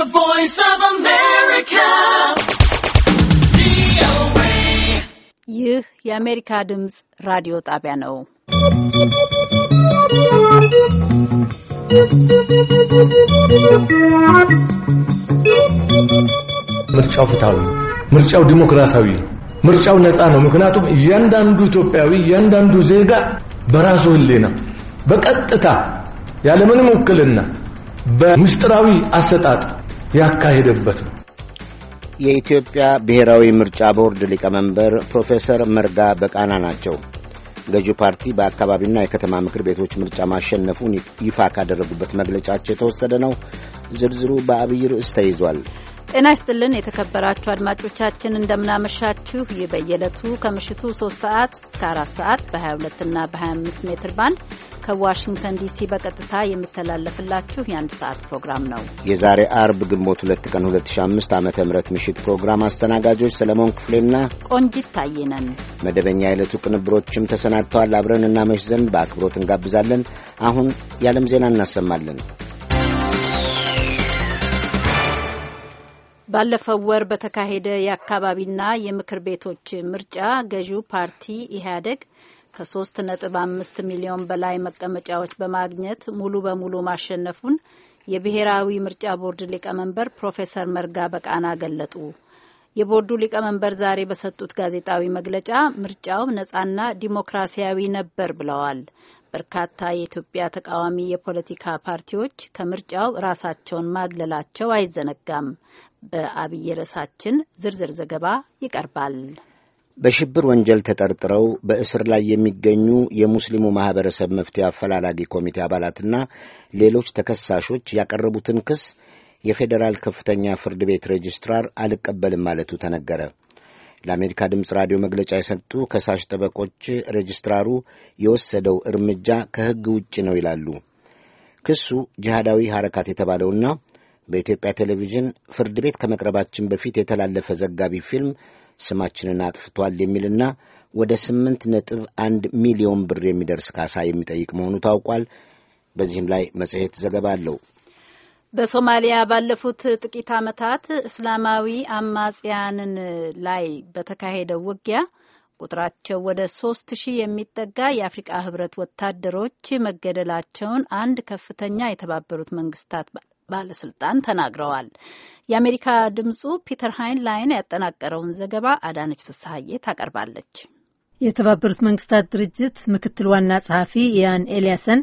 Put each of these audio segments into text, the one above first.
The Voice of America. ይህ የአሜሪካ ድምፅ ራዲዮ ጣቢያ ነው። ምርጫው ፍትሐዊ ነው። ምርጫው ዲሞክራሲያዊ ነው። ምርጫው ነፃ ነው። ምክንያቱም እያንዳንዱ ኢትዮጵያዊ እያንዳንዱ ዜጋ በራሱ ሕሊና በቀጥታ ያለምንም ውክልና በምስጢራዊ አሰጣጥ ያካሄደበት ነው። የኢትዮጵያ ብሔራዊ ምርጫ ቦርድ ሊቀመንበር ፕሮፌሰር መርጋ በቃና ናቸው። ገዢው ፓርቲ በአካባቢና የከተማ ምክር ቤቶች ምርጫ ማሸነፉን ይፋ ካደረጉበት መግለጫቸው የተወሰደ ነው። ዝርዝሩ በአብይ ርዕስ ተይዟል። ጤና ይስጥልን የተከበራችሁ አድማጮቻችን እንደምናመሻችሁ። ይህ በየዕለቱ ከምሽቱ 3 ሰዓት እስከ 4 ሰዓት በ22 ና በ25 ሜትር ባንድ ከዋሽንግተን ዲሲ በቀጥታ የሚተላለፍላችሁ የአንድ ሰዓት ፕሮግራም ነው። የዛሬ አርብ ግንቦት 2 ቀን 2005 ዓ ም ምሽት ፕሮግራም አስተናጋጆች ሰለሞን ክፍሌና ቆንጂት ታየነን። መደበኛ የዕለቱ ቅንብሮችም ተሰናድተዋል። አብረን እናመሽ ዘንድ በአክብሮት እንጋብዛለን። አሁን የዓለም ዜና እናሰማለን። ባለፈው ወር በተካሄደ የአካባቢና የምክር ቤቶች ምርጫ ገዢው ፓርቲ ኢህአዴግ ከ3.5 ሚሊዮን በላይ መቀመጫዎች በማግኘት ሙሉ በሙሉ ማሸነፉን የብሔራዊ ምርጫ ቦርድ ሊቀመንበር ፕሮፌሰር መርጋ በቃና ገለጡ። የቦርዱ ሊቀመንበር ዛሬ በሰጡት ጋዜጣዊ መግለጫ ምርጫው ነጻና ዲሞክራሲያዊ ነበር ብለዋል። በርካታ የኢትዮጵያ ተቃዋሚ የፖለቲካ ፓርቲዎች ከምርጫው ራሳቸውን ማግለላቸው አይዘነጋም። በአብይ ርዕሳችን ዝርዝር ዘገባ ይቀርባል። በሽብር ወንጀል ተጠርጥረው በእስር ላይ የሚገኙ የሙስሊሙ ማኅበረሰብ መፍትሄ አፈላላጊ ኮሚቴ አባላትና ሌሎች ተከሳሾች ያቀረቡትን ክስ የፌዴራል ከፍተኛ ፍርድ ቤት ሬጅስትራር አልቀበልም ማለቱ ተነገረ። ለአሜሪካ ድምፅ ራዲዮ መግለጫ የሰጡ ከሳሽ ጠበቆች ሬጅስትራሩ የወሰደው እርምጃ ከሕግ ውጭ ነው ይላሉ። ክሱ ጂሃዳዊ ሐረካት የተባለውና በኢትዮጵያ ቴሌቪዥን ፍርድ ቤት ከመቅረባችን በፊት የተላለፈ ዘጋቢ ፊልም ስማችንን አጥፍቷል የሚልና ወደ ስምንት ነጥብ አንድ ሚሊዮን ብር የሚደርስ ካሳ የሚጠይቅ መሆኑ ታውቋል። በዚህም ላይ መጽሔት ዘገባ አለው። በሶማሊያ ባለፉት ጥቂት ዓመታት እስላማዊ አማጽያንን ላይ በተካሄደው ውጊያ ቁጥራቸው ወደ ሶስት ሺህ የሚጠጋ የአፍሪቃ ህብረት ወታደሮች መገደላቸውን አንድ ከፍተኛ የተባበሩት መንግስታት ባለስልጣን ተናግረዋል። የአሜሪካ ድምፁ ፒተር ሃይን ላይን ያጠናቀረውን ዘገባ አዳነች ፍስሐዬ ታቀርባለች። የተባበሩት መንግስታት ድርጅት ምክትል ዋና ጸሐፊ ያን ኤልያሰን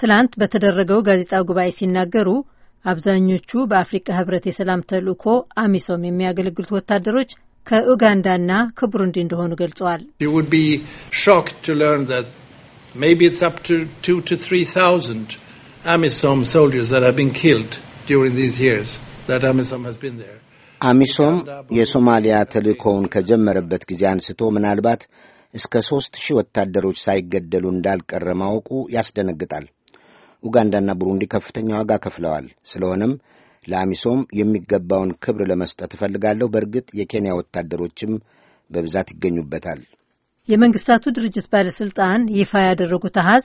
ትላንት በተደረገው ጋዜጣ ጉባኤ ሲናገሩ አብዛኞቹ በአፍሪካ ህብረት የሰላም ተልእኮ አሚሶም የሚያገለግሉት ወታደሮች ከኡጋንዳና ከቡሩንዲ እንደሆኑ ገልጸዋል። አሚሶም soldiers that have been አሚሶም የሶማሊያ ተልእኮውን ከጀመረበት ጊዜ አንስቶ ምናልባት እስከ ሦስት ሺህ ወታደሮች ሳይገደሉ እንዳልቀረ ማወቁ ያስደነግጣል። ኡጋንዳና ቡሩንዲ ከፍተኛ ዋጋ ከፍለዋል። ስለሆነም ለአሚሶም የሚገባውን ክብር ለመስጠት እፈልጋለሁ። በእርግጥ የኬንያ ወታደሮችም በብዛት ይገኙበታል። የመንግስታቱ ድርጅት ባለሥልጣን ይፋ ያደረጉት አሃዝ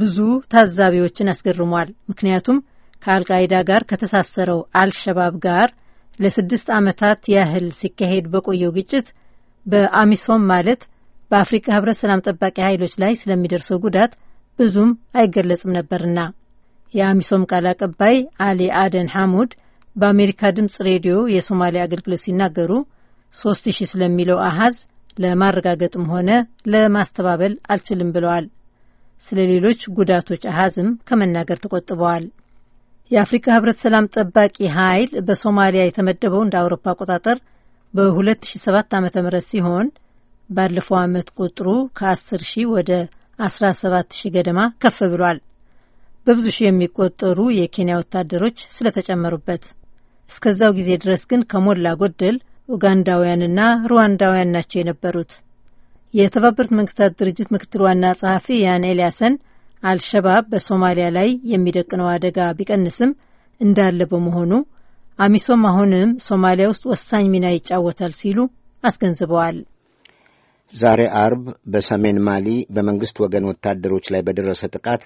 ብዙ ታዛቢዎችን አስገርሟል። ምክንያቱም ከአልቃይዳ ጋር ከተሳሰረው አልሸባብ ጋር ለስድስት ዓመታት ያህል ሲካሄድ በቆየው ግጭት በአሚሶም ማለት በአፍሪካ ህብረት ሰላም ጠባቂ ኃይሎች ላይ ስለሚደርሰው ጉዳት ብዙም አይገለጽም ነበርና። የአሚሶም ቃል አቀባይ አሊ አደን ሐሙድ በአሜሪካ ድምፅ ሬዲዮ የሶማሊያ አገልግሎት ሲናገሩ ሶስት ሺህ ስለሚለው አሃዝ ለማረጋገጥም ሆነ ለማስተባበል አልችልም ብለዋል። ስለ ሌሎች ጉዳቶች አሃዝም ከመናገር ተቆጥበዋል። የአፍሪካ ህብረት ሰላም ጠባቂ ኃይል በሶማሊያ የተመደበው እንደ አውሮፓ አቆጣጠር በ2007 ዓ ም ሲሆን ባለፈው ዓመት ቁጥሩ ከ10 ሺህ ወደ 17 ሺህ ገደማ ከፍ ብሏል። በብዙ ሺህ የሚቆጠሩ የኬንያ ወታደሮች ስለተጨመሩበት። እስከዛው ጊዜ ድረስ ግን ከሞላ ጎደል ኡጋንዳውያንና ሩዋንዳውያን ናቸው የነበሩት። የተባበሩት መንግስታት ድርጅት ምክትል ዋና ጸሐፊ ያን ኤልያሰን አልሸባብ በሶማሊያ ላይ የሚደቅነው አደጋ ቢቀንስም እንዳለ በመሆኑ አሚሶም አሁንም ሶማሊያ ውስጥ ወሳኝ ሚና ይጫወታል ሲሉ አስገንዝበዋል። ዛሬ አርብ በሰሜን ማሊ በመንግስት ወገን ወታደሮች ላይ በደረሰ ጥቃት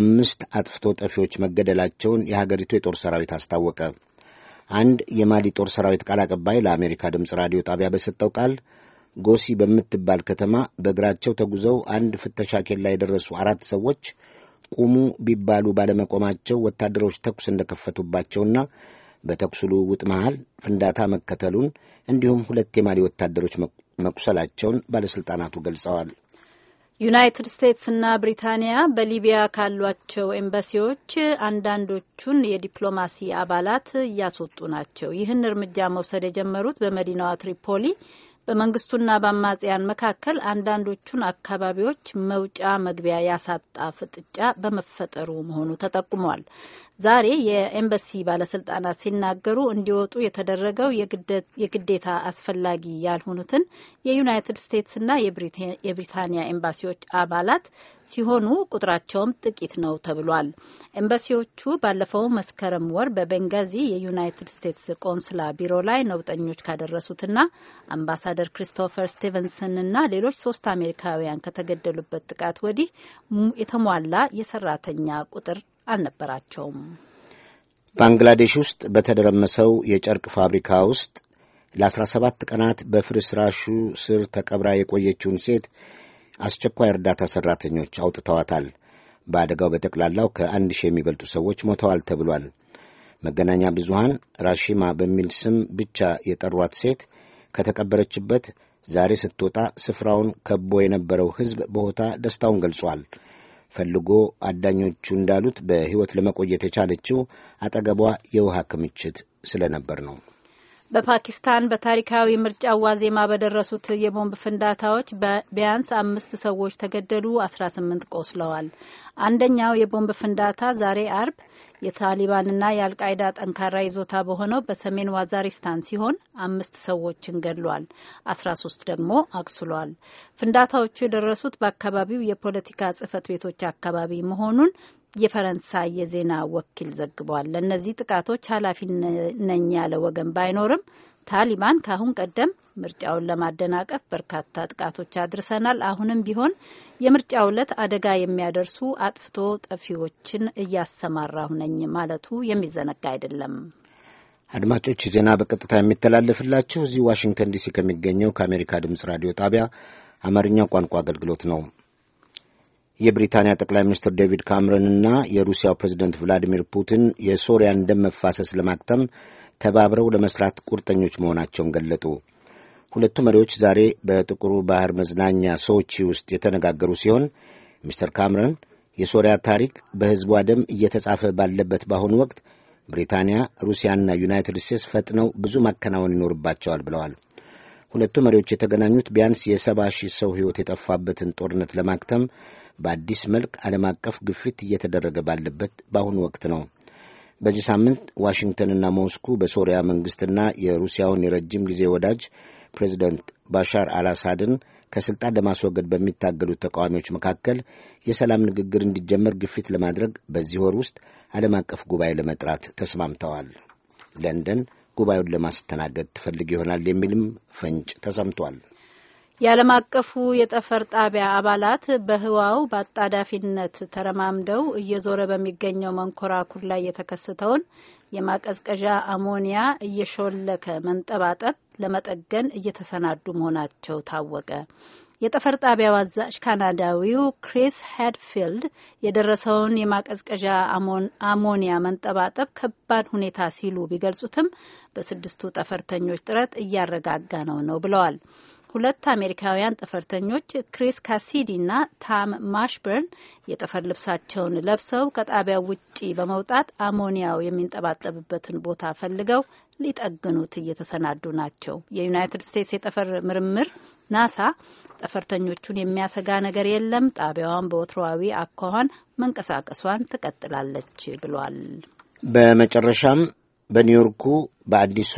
አምስት አጥፍቶ ጠፊዎች መገደላቸውን የሀገሪቱ የጦር ሰራዊት አስታወቀ። አንድ የማሊ ጦር ሰራዊት ቃል አቀባይ ለአሜሪካ ድምፅ ራዲዮ ጣቢያ በሰጠው ቃል ጎሲ በምትባል ከተማ በእግራቸው ተጉዘው አንድ ፍተሻ ኬላ የደረሱ አራት ሰዎች ቁሙ ቢባሉ ባለመቆማቸው ወታደሮች ተኩስ እንደከፈቱባቸውና በተኩስ ልውውጥ መሃል ፍንዳታ መከተሉን እንዲሁም ሁለት የማሊ ወታደሮች መቁሰላቸውን ባለሥልጣናቱ ገልጸዋል። ዩናይትድ ስቴትስና ብሪታንያ በሊቢያ ካሏቸው ኤምባሲዎች አንዳንዶቹን የዲፕሎማሲ አባላት እያስወጡ ናቸው። ይህን እርምጃ መውሰድ የጀመሩት በመዲናዋ ትሪፖሊ በመንግስቱና በአማጽያን መካከል አንዳንዶቹን አካባቢዎች መውጫ መግቢያ ያሳጣ ፍጥጫ በመፈጠሩ መሆኑ ተጠቁሟል። ዛሬ የኤምበሲ ባለስልጣናት ሲናገሩ እንዲወጡ የተደረገው የግዴታ አስፈላጊ ያልሆኑትን የዩናይትድ ስቴትስና የብሪታንያ ኤምባሲዎች አባላት ሲሆኑ ቁጥራቸውም ጥቂት ነው ተብሏል። ኤምባሲዎቹ ባለፈው መስከረም ወር በቤንጋዚ የዩናይትድ ስቴትስ ቆንስላ ቢሮ ላይ ነውጠኞች ካደረሱትና አምባሳደር ክሪስቶፈር ስቲቨንስንና ሌሎች ሶስት አሜሪካውያን ከተገደሉበት ጥቃት ወዲህ የተሟላ የሰራተኛ ቁጥር አልነበራቸውም። ባንግላዴሽ ውስጥ በተደረመሰው የጨርቅ ፋብሪካ ውስጥ ለ17 ቀናት በፍርስራሹ ስር ተቀብራ የቆየችውን ሴት አስቸኳይ እርዳታ ሠራተኞች አውጥተዋታል። በአደጋው በጠቅላላው ከአንድ ሺህ የሚበልጡ ሰዎች ሞተዋል ተብሏል። መገናኛ ብዙሃን ራሺማ በሚል ስም ብቻ የጠሯት ሴት ከተቀበረችበት ዛሬ ስትወጣ ስፍራውን ከቦ የነበረው ሕዝብ በሆታ ደስታውን ገልጿል። ፈልጎ አዳኞቹ እንዳሉት በሕይወት ለመቆየት የቻለችው አጠገቧ የውሃ ክምችት ስለነበር ነው። በፓኪስታን በታሪካዊ ምርጫ ዋዜማ በደረሱት የቦምብ ፍንዳታዎች ቢያንስ አምስት ሰዎች ተገደሉ፣ 18 ቆስለዋል። አንደኛው የቦምብ ፍንዳታ ዛሬ አርብ የታሊባንና የአልቃይዳ ጠንካራ ይዞታ በሆነው በሰሜን ዋዛሪስታን ሲሆን አምስት ሰዎችን ገድሏል፣ 13 ደግሞ አቁስሏል። ፍንዳታዎቹ የደረሱት በአካባቢው የፖለቲካ ጽህፈት ቤቶች አካባቢ መሆኑን የፈረንሳይ የዜና ወኪል ዘግቧል። ለእነዚህ ጥቃቶች ኃላፊ ነኝ ያለ ወገን ባይኖርም ታሊባን ከአሁን ቀደም ምርጫውን ለማደናቀፍ በርካታ ጥቃቶች አድርሰናል፣ አሁንም ቢሆን የምርጫው ዕለት አደጋ የሚያደርሱ አጥፍቶ ጠፊዎችን እያሰማራሁ ነኝ ማለቱ የሚዘነጋ አይደለም። አድማጮች፣ ዜና በቀጥታ የሚተላለፍላችሁ እዚህ ዋሽንግተን ዲሲ ከሚገኘው ከአሜሪካ ድምጽ ራዲዮ ጣቢያ አማርኛ ቋንቋ አገልግሎት ነው። የብሪታንያ ጠቅላይ ሚኒስትር ዴቪድ ካምረንና የሩሲያው ፕሬዚደንት ቭላዲሚር ፑቲን የሶሪያን ደም መፋሰስ ለማክተም ተባብረው ለመስራት ቁርጠኞች መሆናቸውን ገለጡ። ሁለቱ መሪዎች ዛሬ በጥቁሩ ባህር መዝናኛ ሶቺ ውስጥ የተነጋገሩ ሲሆን ሚስተር ካምረን የሶሪያ ታሪክ በሕዝቧ ደም እየተጻፈ ባለበት በአሁኑ ወቅት ብሪታንያ፣ ሩሲያና ዩናይትድ ስቴትስ ፈጥነው ብዙ ማከናወን ይኖርባቸዋል ብለዋል። ሁለቱ መሪዎች የተገናኙት ቢያንስ የሰባ ሺህ ሰው ሕይወት የጠፋበትን ጦርነት ለማክተም በአዲስ መልክ ዓለም አቀፍ ግፊት እየተደረገ ባለበት በአሁኑ ወቅት ነው። በዚህ ሳምንት ዋሽንግተንና ሞስኩ በሶሪያ መንግሥትና የሩሲያውን የረጅም ጊዜ ወዳጅ ፕሬዚደንት ባሻር አልአሳድን ከሥልጣን ለማስወገድ በሚታገሉት ተቃዋሚዎች መካከል የሰላም ንግግር እንዲጀመር ግፊት ለማድረግ በዚህ ወር ውስጥ ዓለም አቀፍ ጉባኤ ለመጥራት ተስማምተዋል። ለንደን ጉባኤውን ለማስተናገድ ትፈልግ ይሆናል የሚልም ፍንጭ ተሰምቷል። የዓለም አቀፉ የጠፈር ጣቢያ አባላት በህዋው በአጣዳፊነት ተረማምደው እየዞረ በሚገኘው መንኮራኩር ላይ የተከሰተውን የማቀዝቀዣ አሞኒያ እየሾለከ መንጠባጠብ ለመጠገን እየተሰናዱ መሆናቸው ታወቀ። የጠፈር ጣቢያው አዛዥ ካናዳዊው ክሪስ ሄድፊልድ የደረሰውን የማቀዝቀዣ አሞኒያ መንጠባጠብ ከባድ ሁኔታ ሲሉ ቢገልጹትም በስድስቱ ጠፈርተኞች ጥረት እያረጋጋ ነው ነው ብለዋል። ሁለት አሜሪካውያን ጠፈርተኞች ክሪስ ካሲዲ ና ታም ማሽበርን የጠፈር ልብሳቸውን ለብሰው ከጣቢያው ውጪ በመውጣት አሞኒያው የሚንጠባጠብበትን ቦታ ፈልገው ሊጠግኑት እየተሰናዱ ናቸው። የዩናይትድ ስቴትስ የጠፈር ምርምር ናሳ ጠፈርተኞቹን የሚያሰጋ ነገር የለም፣ ጣቢያዋን በወትሮዊ አኳኋን መንቀሳቀሷን ትቀጥላለች ብሏል። በመጨረሻም በኒውዮርኩ በአዲሱ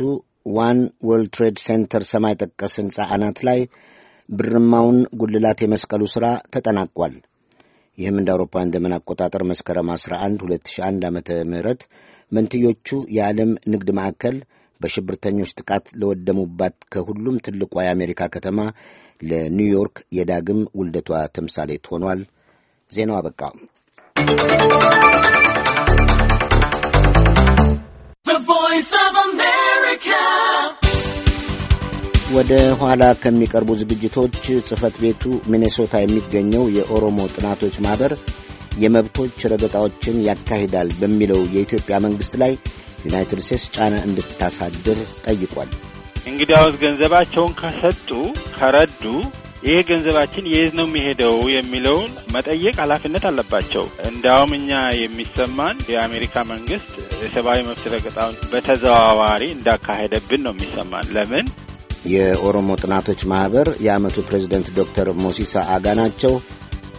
ዋን ወርልድ ትሬድ ሴንተር ሰማይ ጠቀስ ሕንፃ አናት ላይ ብርማውን ጉልላት የመስቀሉ ሥራ ተጠናቋል። ይህም እንደ አውሮፓውያን ዘመን አቆጣጠር መስከረም 11 2001 ዓ ም መንትዮቹ የዓለም ንግድ ማዕከል በሽብርተኞች ጥቃት ለወደሙባት ከሁሉም ትልቋ የአሜሪካ ከተማ ለኒውዮርክ የዳግም ውልደቷ ተምሳሌት ሆኗል። ዜናው አበቃ። ወደ ኋላ ከሚቀርቡ ዝግጅቶች ጽህፈት ቤቱ ሚኔሶታ የሚገኘው የኦሮሞ ጥናቶች ማኅበር የመብቶች ረገጣዎችን ያካሂዳል በሚለው የኢትዮጵያ መንግሥት ላይ ዩናይትድ ስቴትስ ጫና እንድታሳድር ጠይቋል። እንግዲያውስ ገንዘባቸውን ከሰጡ ከረዱ ይህ ገንዘባችን የት ነው የሚሄደው የሚለውን መጠየቅ ኃላፊነት አለባቸው። እንዲያውም እኛ የሚሰማን የአሜሪካ መንግስት የሰብአዊ መብት ረገጣውን በተዘዋዋሪ እንዳካሄደብን ነው የሚሰማን። ለምን የኦሮሞ ጥናቶች ማኅበር የዓመቱ ፕሬዝደንት ዶክተር ሞሲሳ አጋ ናቸው።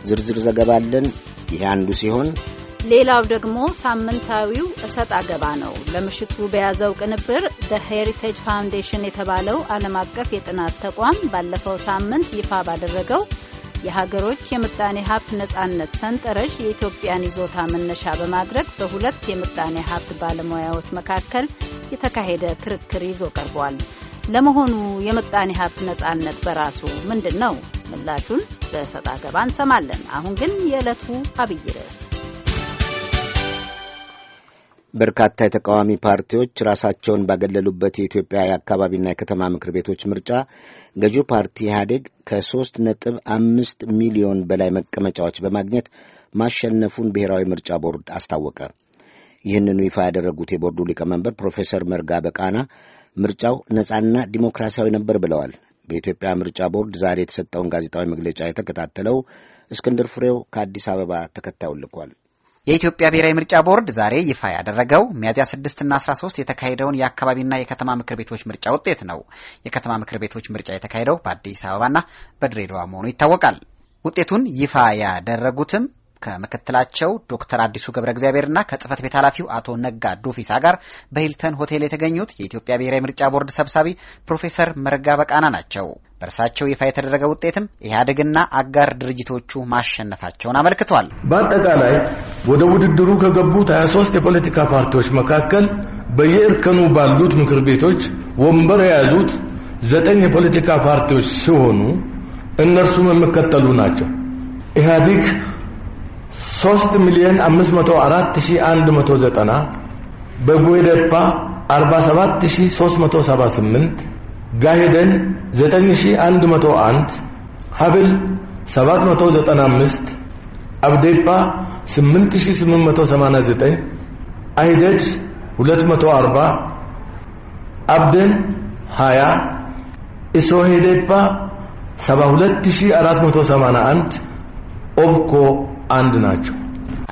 ዝርዝር ዘገባ አለን። ይህ አንዱ ሲሆን ሌላው ደግሞ ሳምንታዊው እሰጥ አገባ ነው። ለምሽቱ በያዘው ቅንብር ሄሪቴጅ ፋውንዴሽን የተባለው ዓለም አቀፍ የጥናት ተቋም ባለፈው ሳምንት ይፋ ባደረገው የሀገሮች የምጣኔ ሀብት ነጻነት ሰንጠረዥ የኢትዮጵያን ይዞታ መነሻ በማድረግ በሁለት የምጣኔ ሀብት ባለሙያዎች መካከል የተካሄደ ክርክር ይዞ ቀርቧል። ለመሆኑ የምጣኔ ሀብት ነጻነት በራሱ ምንድን ነው? ምላሹን በሰጣ ገባ እንሰማለን። አሁን ግን የዕለቱ አብይ ርዕስ በርካታ የተቃዋሚ ፓርቲዎች ራሳቸውን ባገለሉበት የኢትዮጵያ የአካባቢና የከተማ ምክር ቤቶች ምርጫ ገዢው ፓርቲ ኢህአዴግ ከሶስት ነጥብ አምስት ሚሊዮን በላይ መቀመጫዎች በማግኘት ማሸነፉን ብሔራዊ ምርጫ ቦርድ አስታወቀ። ይህንኑ ይፋ ያደረጉት የቦርዱ ሊቀመንበር ፕሮፌሰር መርጋ በቃና ምርጫው ነጻና ዲሞክራሲያዊ ነበር ብለዋል። በኢትዮጵያ ምርጫ ቦርድ ዛሬ የተሰጠውን ጋዜጣዊ መግለጫ የተከታተለው እስክንድር ፍሬው ከአዲስ አበባ ተከታዩን ልኳል። የኢትዮጵያ ብሔራዊ ምርጫ ቦርድ ዛሬ ይፋ ያደረገው ሚያዝያ 6ና 13 የተካሄደውን የአካባቢና የከተማ ምክር ቤቶች ምርጫ ውጤት ነው። የከተማ ምክር ቤቶች ምርጫ የተካሄደው በአዲስ አበባና በድሬዳዋ መሆኑ ይታወቃል። ውጤቱን ይፋ ያደረጉትም ከምክትላቸው ዶክተር አዲሱ ገብረ እግዚአብሔርና ከጽህፈት ቤት ኃላፊው አቶ ነጋ ዱፊሳ ጋር በሂልተን ሆቴል የተገኙት የኢትዮጵያ ብሔራዊ ምርጫ ቦርድ ሰብሳቢ ፕሮፌሰር መርጋ በቃና ናቸው። በእርሳቸው ይፋ የተደረገ ውጤትም ኢህአዴግና አጋር ድርጅቶቹ ማሸነፋቸውን አመልክቷል። በአጠቃላይ ወደ ውድድሩ ከገቡት 23 የፖለቲካ ፓርቲዎች መካከል በየእርከኑ ባሉት ምክር ቤቶች ወንበር የያዙት ዘጠኝ የፖለቲካ ፓርቲዎች ሲሆኑ እነርሱም የሚከተሉ ናቸው። ኢህአዴግ 3 ሚሊዮን 504190 በጉዴፓ 47378 ጋሄደን 9101 ሀብል 795 አብዴፓ 8889 አይደድ 240 አብደን 20 ኢሶሄዴፓ 72481 ኦብኮ አንድ ናቸው።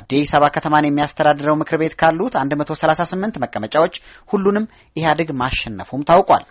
አዲስ አበባ ከተማን የሚያስተዳድረው ምክር ቤት ካሉት 138 መቀመጫዎች ሁሉንም ኢህአዴግ ማሸነፉም ታውቋል።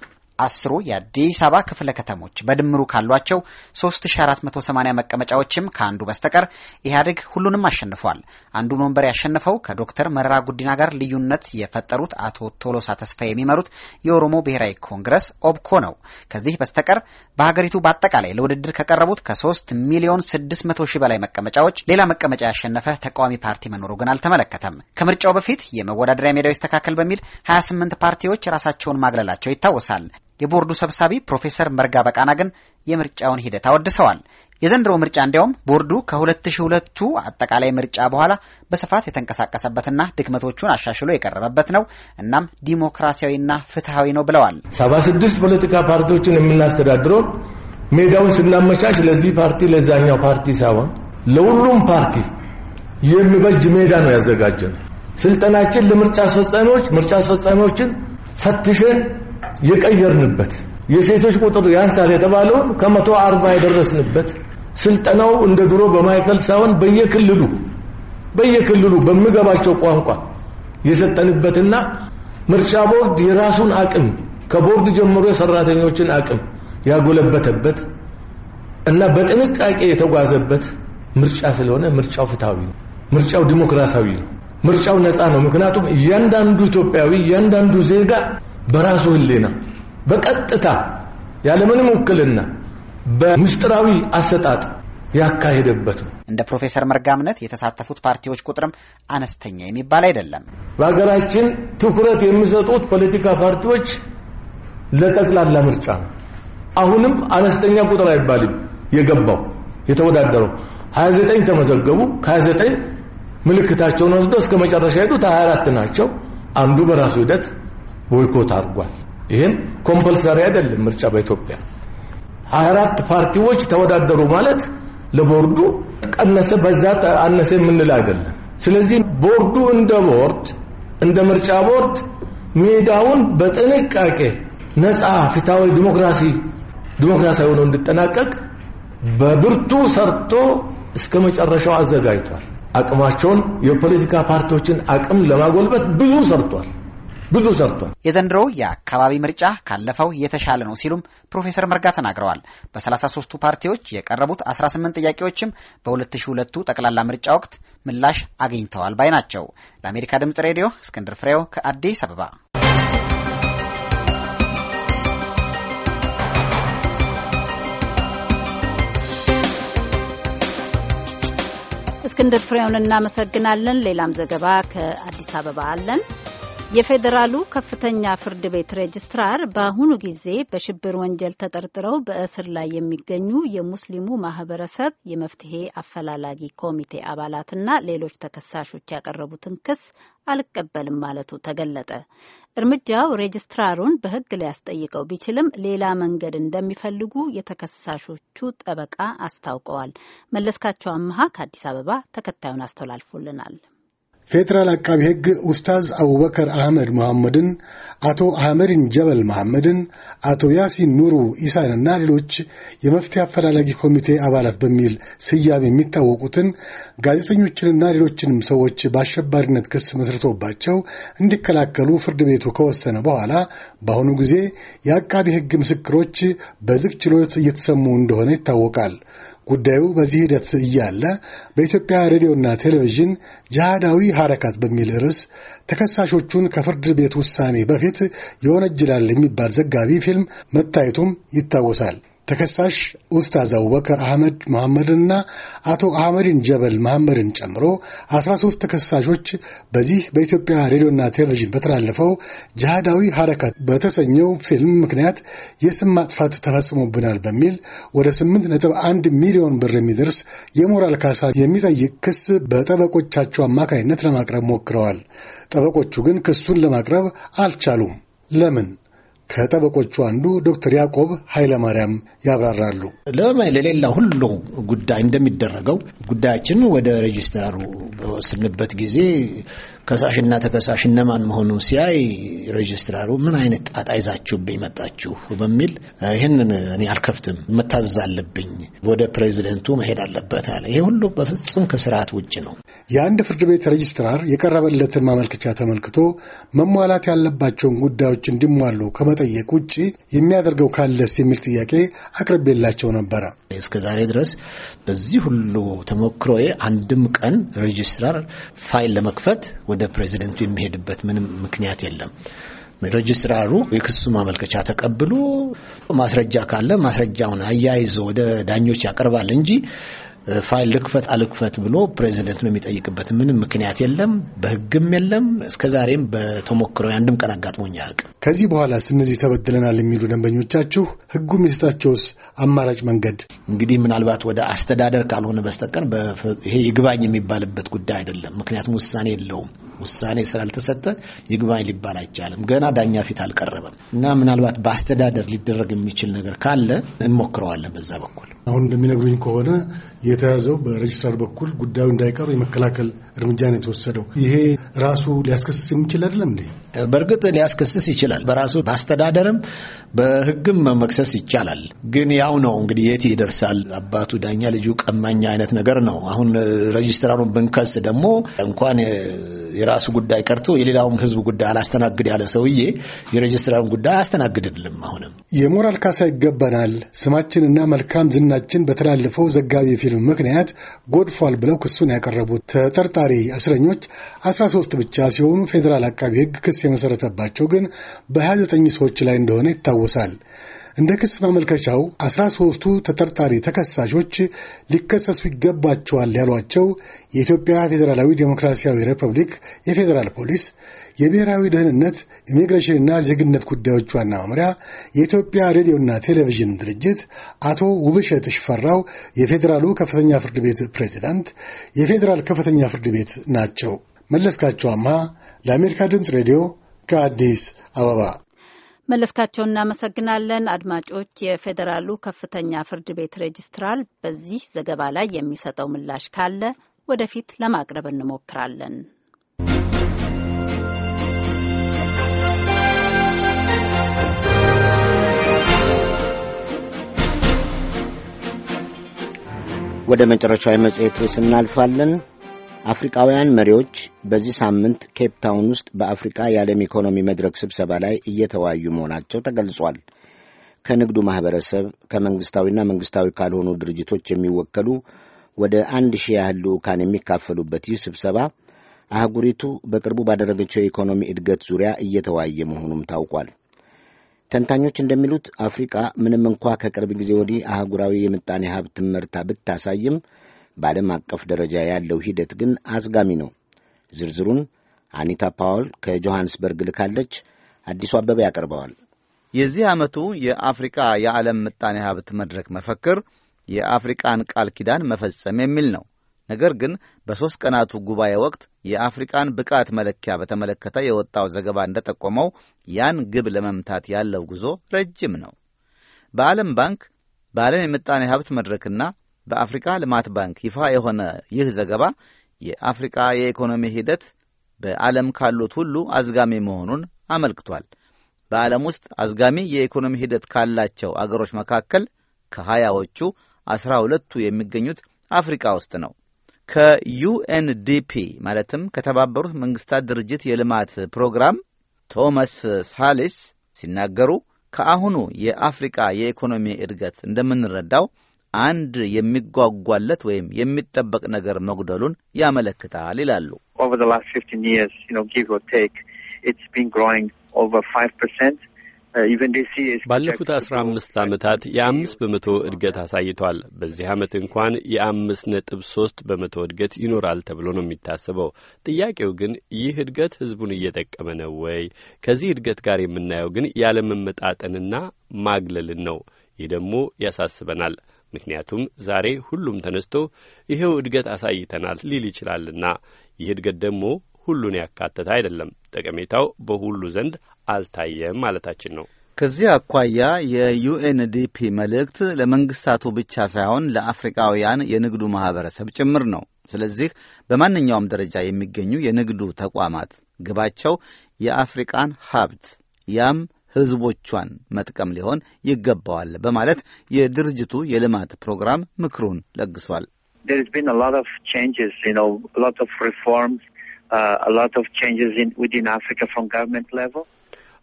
አስሩ የአዲስ አበባ ክፍለ ከተሞች በድምሩ ካሏቸው 3480 መቀመጫዎችም ከአንዱ በስተቀር ኢህአዴግ ሁሉንም አሸንፏል። አንዱን ወንበር ያሸነፈው ከዶክተር መረራ ጉዲና ጋር ልዩነት የፈጠሩት አቶ ቶሎሳ ተስፋ የሚመሩት የኦሮሞ ብሔራዊ ኮንግረስ ኦብኮ ነው። ከዚህ በስተቀር በሀገሪቱ በአጠቃላይ ለውድድር ከቀረቡት ከ3 ሚሊዮን 600 ሺህ በላይ መቀመጫዎች ሌላ መቀመጫ ያሸነፈ ተቃዋሚ ፓርቲ መኖሩ ግን አልተመለከተም። ከምርጫው በፊት የመወዳደሪያ ሜዳው ይስተካከል በሚል 28 ፓርቲዎች ራሳቸውን ማግለላቸው ይታወሳል። የቦርዱ ሰብሳቢ ፕሮፌሰር መርጋ በቃና ግን የምርጫውን ሂደት አወድሰዋል። የዘንድሮ ምርጫ እንዲያውም ቦርዱ ከ2002ቱ አጠቃላይ ምርጫ በኋላ በስፋት የተንቀሳቀሰበትና ድክመቶቹን አሻሽሎ የቀረበበት ነው። እናም ዲሞክራሲያዊና ፍትሐዊ ነው ብለዋል። 76 ፖለቲካ ፓርቲዎችን የምናስተዳድረው ሜዳውን ስናመቻች ለዚህ ፓርቲ ለዛኛው ፓርቲ ሳይሆን ለሁሉም ፓርቲ የሚበጅ ሜዳ ነው ያዘጋጀን። ስልጠናችን ለምርጫ አስፈጻሚዎች ምርጫ አስፈጻሚዎችን ፈትሸን የቀየርንበት የሴቶች ቁጥር ያንሳል የተባለውን ከመቶ አርባ የደረስንበት ስልጠናው እንደ ድሮ በማይከል ሳይሆን በየክልሉ በየክልሉ በሚገባቸው ቋንቋ የሰጠንበትና ምርጫ ቦርድ የራሱን አቅም ከቦርድ ጀምሮ የሰራተኞችን አቅም ያጎለበተበት እና በጥንቃቄ የተጓዘበት ምርጫ ስለሆነ ምርጫው ፍትሐዊ ነው። ምርጫው ዲሞክራሲያዊ ነው። ምርጫው ነፃ ነው። ምክንያቱም እያንዳንዱ ኢትዮጵያዊ እያንዳንዱ ዜጋ በራሱ ህሊና በቀጥታ ያለምንም ውክልና በምስጢራዊ አሰጣጥ ያካሄደበት ነው። እንደ ፕሮፌሰር መርጋ እምነት የተሳተፉት ፓርቲዎች ቁጥርም አነስተኛ የሚባል አይደለም። በሀገራችን ትኩረት የሚሰጡት ፖለቲካ ፓርቲዎች ለጠቅላላ ምርጫ ነው። አሁንም አነስተኛ ቁጥር አይባልም። የገባው የተወዳደረው 29 ተመዘገቡ። ከ29 ምልክታቸውን ወስዶ እስከ መጨረሻ ሄዱት 24 ናቸው። አንዱ በራሱ ሂደት ቦይኮት አድርጓል። ይህም ኮምፐልሰሪ አይደለም ምርጫ በኢትዮጵያ 24 ፓርቲዎች ተወዳደሩ ማለት ለቦርዱ ቀነሰ በዛ አነሰ የምንል አይደለም። ስለዚህ ቦርዱ እንደ ቦርድ እንደ ምርጫ ቦርድ ሜዳውን በጥንቃቄ ነፃ፣ ፍትሃዊ፣ ዲሞክራሲ ዲሞክራሲያዊ ሆኖ እንዲጠናቀቅ በብርቱ ሰርቶ እስከ መጨረሻው አዘጋጅቷል። አቅማቸውን የፖለቲካ ፓርቲዎችን አቅም ለማጎልበት ብዙ ሰርቷል። ብዙ ሰርቷል። የዘንድሮው የአካባቢ ምርጫ ካለፈው የተሻለ ነው ሲሉም ፕሮፌሰር መርጋ ተናግረዋል። 33 ፓርቲዎች የቀረቡት 18 ጥያቄዎችም በ2002ቱ ጠቅላላ ምርጫ ወቅት ምላሽ አግኝተዋል ባይ ናቸው። ለአሜሪካ ድምጽ ሬዲዮ እስክንድር ፍሬው ከአዲስ አበባ። እስክንድር ፍሬውን እናመሰግናለን። ሌላም ዘገባ ከአዲስ አበባ አለን። የፌዴራሉ ከፍተኛ ፍርድ ቤት ሬጅስትራር በአሁኑ ጊዜ በሽብር ወንጀል ተጠርጥረው በእስር ላይ የሚገኙ የሙስሊሙ ማህበረሰብ የመፍትሄ አፈላላጊ ኮሚቴ አባላትና ሌሎች ተከሳሾች ያቀረቡትን ክስ አልቀበልም ማለቱ ተገለጠ። እርምጃው ሬጅስትራሩን በሕግ ሊያስጠይቀው ቢችልም ሌላ መንገድ እንደሚፈልጉ የተከሳሾቹ ጠበቃ አስታውቀዋል። መለስካቸው አመሃ ከአዲስ አበባ ተከታዩን አስተላልፎልናል። ፌዴራል አቃቢ ሕግ ኡስታዝ አቡበከር አህመድ መሐመድን፣ አቶ አህመድን ጀበል መሐመድን፣ አቶ ያሲን ኑሩ ኢሳንና ሌሎች የመፍትሄ አፈላላጊ ኮሚቴ አባላት በሚል ስያሜ የሚታወቁትን ጋዜጠኞችንና ሌሎችንም ሰዎች በአሸባሪነት ክስ መስርቶባቸው እንዲከላከሉ ፍርድ ቤቱ ከወሰነ በኋላ በአሁኑ ጊዜ የአቃቢ ሕግ ምስክሮች በዝግ ችሎት እየተሰሙ እንደሆነ ይታወቃል። ጉዳዩ በዚህ ሂደት እያለ በኢትዮጵያ ሬዲዮና ቴሌቪዥን ጅሃዳዊ ሐረካት በሚል ርዕስ ተከሳሾቹን ከፍርድ ቤት ውሳኔ በፊት ይወነጅላል የሚባል ዘጋቢ ፊልም መታየቱም ይታወሳል። ተከሳሽ ኡስታዝ አቡበከር አህመድ መሐመድንና አቶ አህመድን ጀበል መሐመድን ጨምሮ 13 ተከሳሾች በዚህ በኢትዮጵያ ሬዲዮና ቴሌቪዥን በተላለፈው ጅሃዳዊ ሐረካት በተሰኘው ፊልም ምክንያት የስም ማጥፋት ተፈጽሞብናል በሚል ወደ 8.1 ሚሊዮን ብር የሚደርስ የሞራል ካሳ የሚጠይቅ ክስ በጠበቆቻቸው አማካይነት ለማቅረብ ሞክረዋል። ጠበቆቹ ግን ክሱን ለማቅረብ አልቻሉም። ለምን? ከጠበቆቹ አንዱ ዶክተር ያዕቆብ ኃይለማርያም ያብራራሉ። ለሌላ ሁሉ ጉዳይ እንደሚደረገው ጉዳያችን ወደ ሬጅስትራሩ በወስንበት ጊዜ ከሳሽና ተከሳሽ እነማን መሆኑ ሲያይ ሬጅስትራሩ ምን አይነት ጣጣ ይዛችሁብኝ መጣችሁ በሚል ይህንን እኔ አልከፍትም መታዘዝ አለብኝ ወደ ፕሬዚደንቱ መሄድ አለበት አለ። ይሄ ሁሉ በፍጹም ከስርዓት ውጭ ነው። የአንድ ፍርድ ቤት ሬጅስትራር የቀረበለትን ማመልከቻ ተመልክቶ መሟላት ያለባቸውን ጉዳዮች እንዲሟሉ ከመጠየቅ ውጭ የሚያደርገው ካለስ የሚል ጥያቄ አቅርቤላቸው ነበረ። እስከ ዛሬ ድረስ በዚህ ሁሉ ተሞክሮዬ አንድም ቀን ሬጅስትራር ፋይል ለመክፈት ወደ ፕሬዚደንቱ የሚሄድበት ምንም ምክንያት የለም። ሬጅስትራሩ የክሱ ማመልከቻ ተቀብሎ ማስረጃ ካለ ማስረጃውን አያይዞ ወደ ዳኞች ያቀርባል እንጂ ፋይል ልክፈት አልክፈት ብሎ ፕሬዚደንቱን የሚጠይቅበት ምንም ምክንያት የለም፣ በህግም የለም። እስከዛሬም በተሞክሮ አንድም ቀን አጋጥሞኝ አያውቅም። ከዚህ በኋላ ስነዚህ ተበድለናል የሚሉ ደንበኞቻችሁ ህጉ የሚሰጣቸውስ አማራጭ መንገድ እንግዲህ ምናልባት ወደ አስተዳደር ካልሆነ በስተቀር ይሄ ይግባኝ የሚባልበት ጉዳይ አይደለም። ምክንያቱም ውሳኔ የለውም። ውሳኔ ስላልተሰጠ ይግባኝ ሊባል አይቻልም። ገና ዳኛ ፊት አልቀረበም እና ምናልባት በአስተዳደር ሊደረግ የሚችል ነገር ካለ እንሞክረዋለን። በዛ በኩል አሁን እንደሚነግሩኝ ከሆነ የተያዘው በሬጅስትራር በኩል ጉዳዩ እንዳይቀር የመከላከል እርምጃ ነው የተወሰደው። ይሄ ራሱ ሊያስከስስ የሚችል አይደለም እንዴ? በእርግጥ ሊያስከስስ ይችላል። በራሱ በአስተዳደርም በሕግም መመክሰስ ይቻላል። ግን ያው ነው እንግዲህ የት ይደርሳል? አባቱ ዳኛ ልጁ ቀማኛ አይነት ነገር ነው። አሁን ሬጅስትራሩን ብንከስ ደግሞ እንኳን የራሱ ጉዳይ ቀርቶ የሌላውም ህዝብ ጉዳይ አላስተናግድ ያለ ሰውዬ የሬጅስትራሩን ጉዳይ አያስተናግድልም። አሁንም የሞራል ካሳ ይገባናል፣ ስማችንና መልካም ዝናችን በተላለፈው ዘጋቢ ፊልም ምክንያት ጎድፏል ብለው ክሱን ያቀረቡት ተጠርጣሪ እስረኞች 13 ብቻ ሲሆኑ ፌዴራል አቃቢ ህግ ክስ የመሰረተባቸው ግን በ29 ሰዎች ላይ እንደሆነ ይታወሳል። እንደ ክስ ማመልከቻው አስራ ሶስቱ ተጠርጣሪ ተከሳሾች ሊከሰሱ ይገባቸዋል ያሏቸው የኢትዮጵያ ፌዴራላዊ ዴሞክራሲያዊ ሪፐብሊክ የፌዴራል ፖሊስ፣ የብሔራዊ ደህንነት፣ ኢሚግሬሽንና ዜግነት ጉዳዮች ዋና መምሪያ፣ የኢትዮጵያ ሬዲዮና ቴሌቪዥን ድርጅት፣ አቶ ውብሸት ሽፈራው የፌዴራሉ ከፍተኛ ፍርድ ቤት ፕሬዚዳንት፣ የፌዴራል ከፍተኛ ፍርድ ቤት ናቸው። መለስካቸው አምሃ ለአሜሪካ ድምፅ ሬዲዮ ከአዲስ አበባ መለስካቸው እናመሰግናለን። አድማጮች፣ የፌዴራሉ ከፍተኛ ፍርድ ቤት ሬጅስትራል በዚህ ዘገባ ላይ የሚሰጠው ምላሽ ካለ ወደፊት ለማቅረብ እንሞክራለን። ወደ መጨረሻዊ መጽሔቱ ስናልፋለን። አፍሪካውያን መሪዎች በዚህ ሳምንት ኬፕ ታውን ውስጥ በአፍሪካ የዓለም ኢኮኖሚ መድረክ ስብሰባ ላይ እየተወያዩ መሆናቸው ተገልጿል። ከንግዱ ማኅበረሰብ ከመንግሥታዊና መንግሥታዊ ካልሆኑ ድርጅቶች የሚወከሉ ወደ አንድ ሺህ ያህል ልዑካን የሚካፈሉበት ይህ ስብሰባ አህጉሪቱ በቅርቡ ባደረገችው የኢኮኖሚ እድገት ዙሪያ እየተወያየ መሆኑም ታውቋል። ተንታኞች እንደሚሉት አፍሪቃ ምንም እንኳ ከቅርብ ጊዜ ወዲህ አህጉራዊ የምጣኔ ሀብት ምርታ ብታሳይም በዓለም አቀፍ ደረጃ ያለው ሂደት ግን አዝጋሚ ነው። ዝርዝሩን አኒታ ፓውል ከጆሐንስበርግ ልካለች። አዲሱ አበበ ያቀርበዋል። የዚህ ዓመቱ የአፍሪቃ የዓለም ምጣኔ ሀብት መድረክ መፈክር የአፍሪቃን ቃል ኪዳን መፈጸም የሚል ነው። ነገር ግን በሦስት ቀናቱ ጉባኤ ወቅት የአፍሪቃን ብቃት መለኪያ በተመለከተ የወጣው ዘገባ እንደጠቆመው ያን ግብ ለመምታት ያለው ጉዞ ረጅም ነው። በዓለም ባንክ፣ በዓለም የምጣኔ ሀብት መድረክና በአፍሪካ ልማት ባንክ ይፋ የሆነ ይህ ዘገባ የአፍሪካ የኢኮኖሚ ሂደት በዓለም ካሉት ሁሉ አዝጋሚ መሆኑን አመልክቷል። በዓለም ውስጥ አዝጋሚ የኢኮኖሚ ሂደት ካላቸው አገሮች መካከል ከሀያዎቹ አስራ ሁለቱ የሚገኙት አፍሪካ ውስጥ ነው። ከዩኤንዲፒ ማለትም ከተባበሩት መንግስታት ድርጅት የልማት ፕሮግራም ቶማስ ሳሊስ ሲናገሩ ከአሁኑ የአፍሪቃ የኢኮኖሚ እድገት እንደምንረዳው አንድ የሚጓጓለት ወይም የሚጠበቅ ነገር መጉደሉን ያመለክታል ይላሉ። uh, ባለፉት አስራ አምስት ዓመታት የአምስት በመቶ እድገት አሳይቷል። በዚህ ዓመት እንኳን የአምስት ነጥብ ሶስት በመቶ እድገት ይኖራል ተብሎ ነው የሚታስበው። ጥያቄው ግን ይህ እድገት ህዝቡን እየጠቀመ ነው ወይ? ከዚህ እድገት ጋር የምናየው ግን ያለመመጣጠንና ማግለልን ነው። ይህ ደግሞ ያሳስበናል። ምክንያቱም ዛሬ ሁሉም ተነስቶ ይኸው እድገት አሳይተናል ሊል ይችላልና ይህ እድገት ደግሞ ሁሉን ያካተተ አይደለም፣ ጠቀሜታው በሁሉ ዘንድ አልታየም ማለታችን ነው። ከዚህ አኳያ የዩኤንዲፒ መልእክት ለመንግስታቱ ብቻ ሳይሆን ለአፍሪካውያን የንግዱ ማህበረሰብ ጭምር ነው። ስለዚህ በማንኛውም ደረጃ የሚገኙ የንግዱ ተቋማት ግባቸው የአፍሪቃን ሀብት ያም ህዝቦቿን መጥቀም ሊሆን ይገባዋል በማለት የድርጅቱ የልማት ፕሮግራም ምክሩን ለግሷል። uh,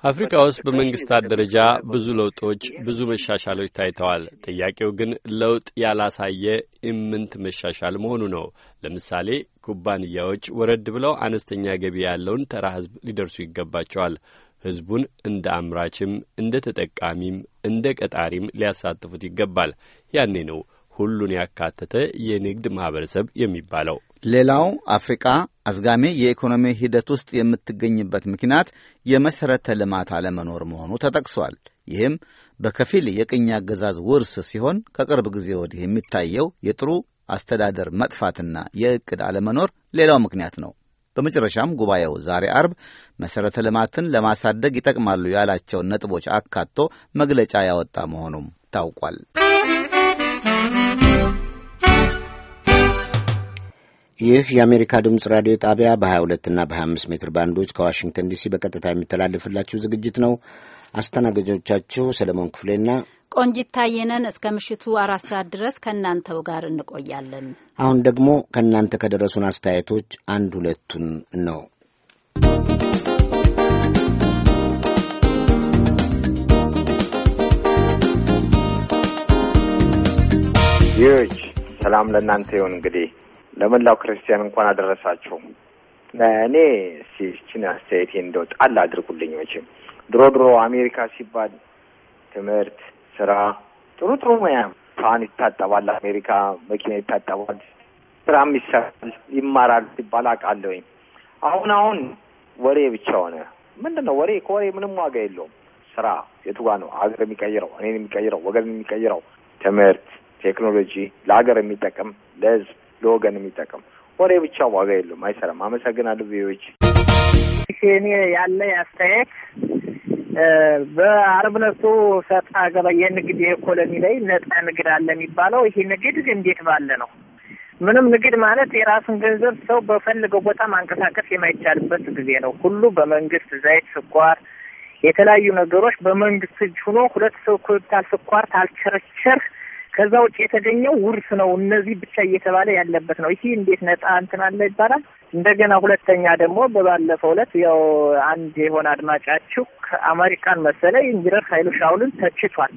አፍሪካ ውስጥ በመንግስታት ደረጃ ብዙ ለውጦች፣ ብዙ መሻሻሎች ታይተዋል። ጥያቄው ግን ለውጥ ያላሳየ ኢምንት መሻሻል መሆኑ ነው። ለምሳሌ ኩባንያዎች ወረድ ብለው አነስተኛ ገቢ ያለውን ተራ ህዝብ ሊደርሱ ይገባቸዋል። ህዝቡን እንደ አምራችም እንደ ተጠቃሚም እንደ ቀጣሪም ሊያሳትፉት ይገባል። ያኔ ነው ሁሉን ያካተተ የንግድ ማህበረሰብ የሚባለው። ሌላው አፍሪቃ አዝጋሜ የኢኮኖሚ ሂደት ውስጥ የምትገኝበት ምክንያት የመሠረተ ልማት አለመኖር መሆኑ ተጠቅሷል። ይህም በከፊል የቅኝ አገዛዝ ውርስ ሲሆን ከቅርብ ጊዜ ወዲህ የሚታየው የጥሩ አስተዳደር መጥፋትና የእቅድ አለመኖር ሌላው ምክንያት ነው። በመጨረሻም ጉባኤው ዛሬ አርብ መሠረተ ልማትን ለማሳደግ ይጠቅማሉ ያላቸውን ነጥቦች አካቶ መግለጫ ያወጣ መሆኑም ታውቋል። ይህ የአሜሪካ ድምፅ ራዲዮ ጣቢያ በ22 እና በ25 ሜትር ባንዶች ከዋሽንግተን ዲሲ በቀጥታ የሚተላለፍላችሁ ዝግጅት ነው። አስተናጋጆቻችሁ ሰለሞን ክፍሌና ቆንጂት ታየነን እስከ ምሽቱ አራት ሰዓት ድረስ ከእናንተው ጋር እንቆያለን። አሁን ደግሞ ከእናንተ ከደረሱን አስተያየቶች አንድ ሁለቱን ነው። ይዎች ሰላም ለእናንተ ይሁን። እንግዲህ ለመላው ክርስቲያን እንኳን አደረሳችሁ። እኔ ሲችን አስተያየቴ እንደው ጣል አድርጉልኝ መቼም ድሮ ድሮ አሜሪካ ሲባል ትምህርት፣ ስራ፣ ጥሩ ጥሩ ሙያ ፋን ይታጠባል፣ አሜሪካ መኪና ይታጠባል፣ ስራም ይሰራል፣ ይማራል ሲባል አውቃለሁኝ። አሁን አሁን ወሬ ብቻ ሆነ። ምንድን ነው ወሬ? ከወሬ ምንም ዋጋ የለውም። ስራ የቱ ጋ ነው ሀገር የሚቀይረው? እኔን የሚቀይረው? ወገን የሚቀይረው? ትምህርት፣ ቴክኖሎጂ ለሀገር የሚጠቅም ለህዝብ፣ ለወገን የሚጠቅም ወሬ ብቻ ዋጋ የለውም፣ አይሰራም። አመሰግናለሁ። ቪዎች እኔ ያለ አስተያየት በአርብ ዕለቱ ሰጣ አገባ የንግድ የኢኮኖሚ ላይ ነጻ ንግድ አለ የሚባለው ይሄ ንግድ እንዴት ባለ ነው? ምንም ንግድ ማለት የራሱን ገንዘብ ሰው በፈልገው ቦታ ማንቀሳቀስ የማይቻልበት ጊዜ ነው። ሁሉ በመንግስት ዘይት፣ ስኳር፣ የተለያዩ ነገሮች በመንግስት እጅ ሆኖ ሁለት ሰው ኩንታል ስኳር ታልቸረቸር ከዛ ውጭ የተገኘው ውርስ ነው። እነዚህ ብቻ እየተባለ ያለበት ነው። ይህ እንዴት ነጣ እንትን አለ ይባላል። እንደገና ሁለተኛ ደግሞ በባለፈው ዕለት ያው አንድ የሆነ አድማጫችሁ ከአሜሪካን መሰለ ኢንጂነር ኃይሉ ሻውልን ተችቷል።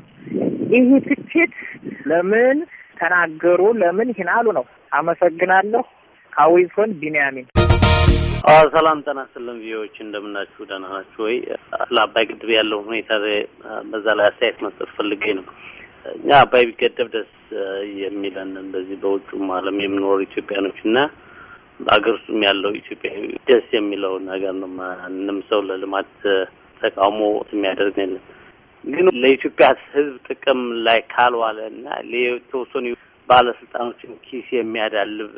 ይህ ትችት ለምን ተናገሩ? ለምን ይህን አሉ ነው። አመሰግናለሁ። ካዊዝኮን ቢንያሚን ሰላም ጤና ይስጥልን። ቪዎች እንደምናችሁ ደህና ናችሁ ወይ? ለአባይ ግድብ ያለው ሁኔታ በዛ ላይ አስተያየት መስጠት ፈልጌ ነው። እኛ አባይ ቢገደብ ደስ የሚለን እንደዚህ በውጩም ዓለም የምኖሩ ኢትዮጵያኖች እና በሀገር ውስጥም ያለው ኢትዮጵያ ደስ የሚለው ነገር ነው። ማንም ሰው ለልማት ተቃውሞ የሚያደርግ የለም። ግን ለኢትዮጵያ ሕዝብ ጥቅም ላይ ካልዋለ እና የተወሰኑ ባለስልጣኖችን ኪስ የሚያዳልብ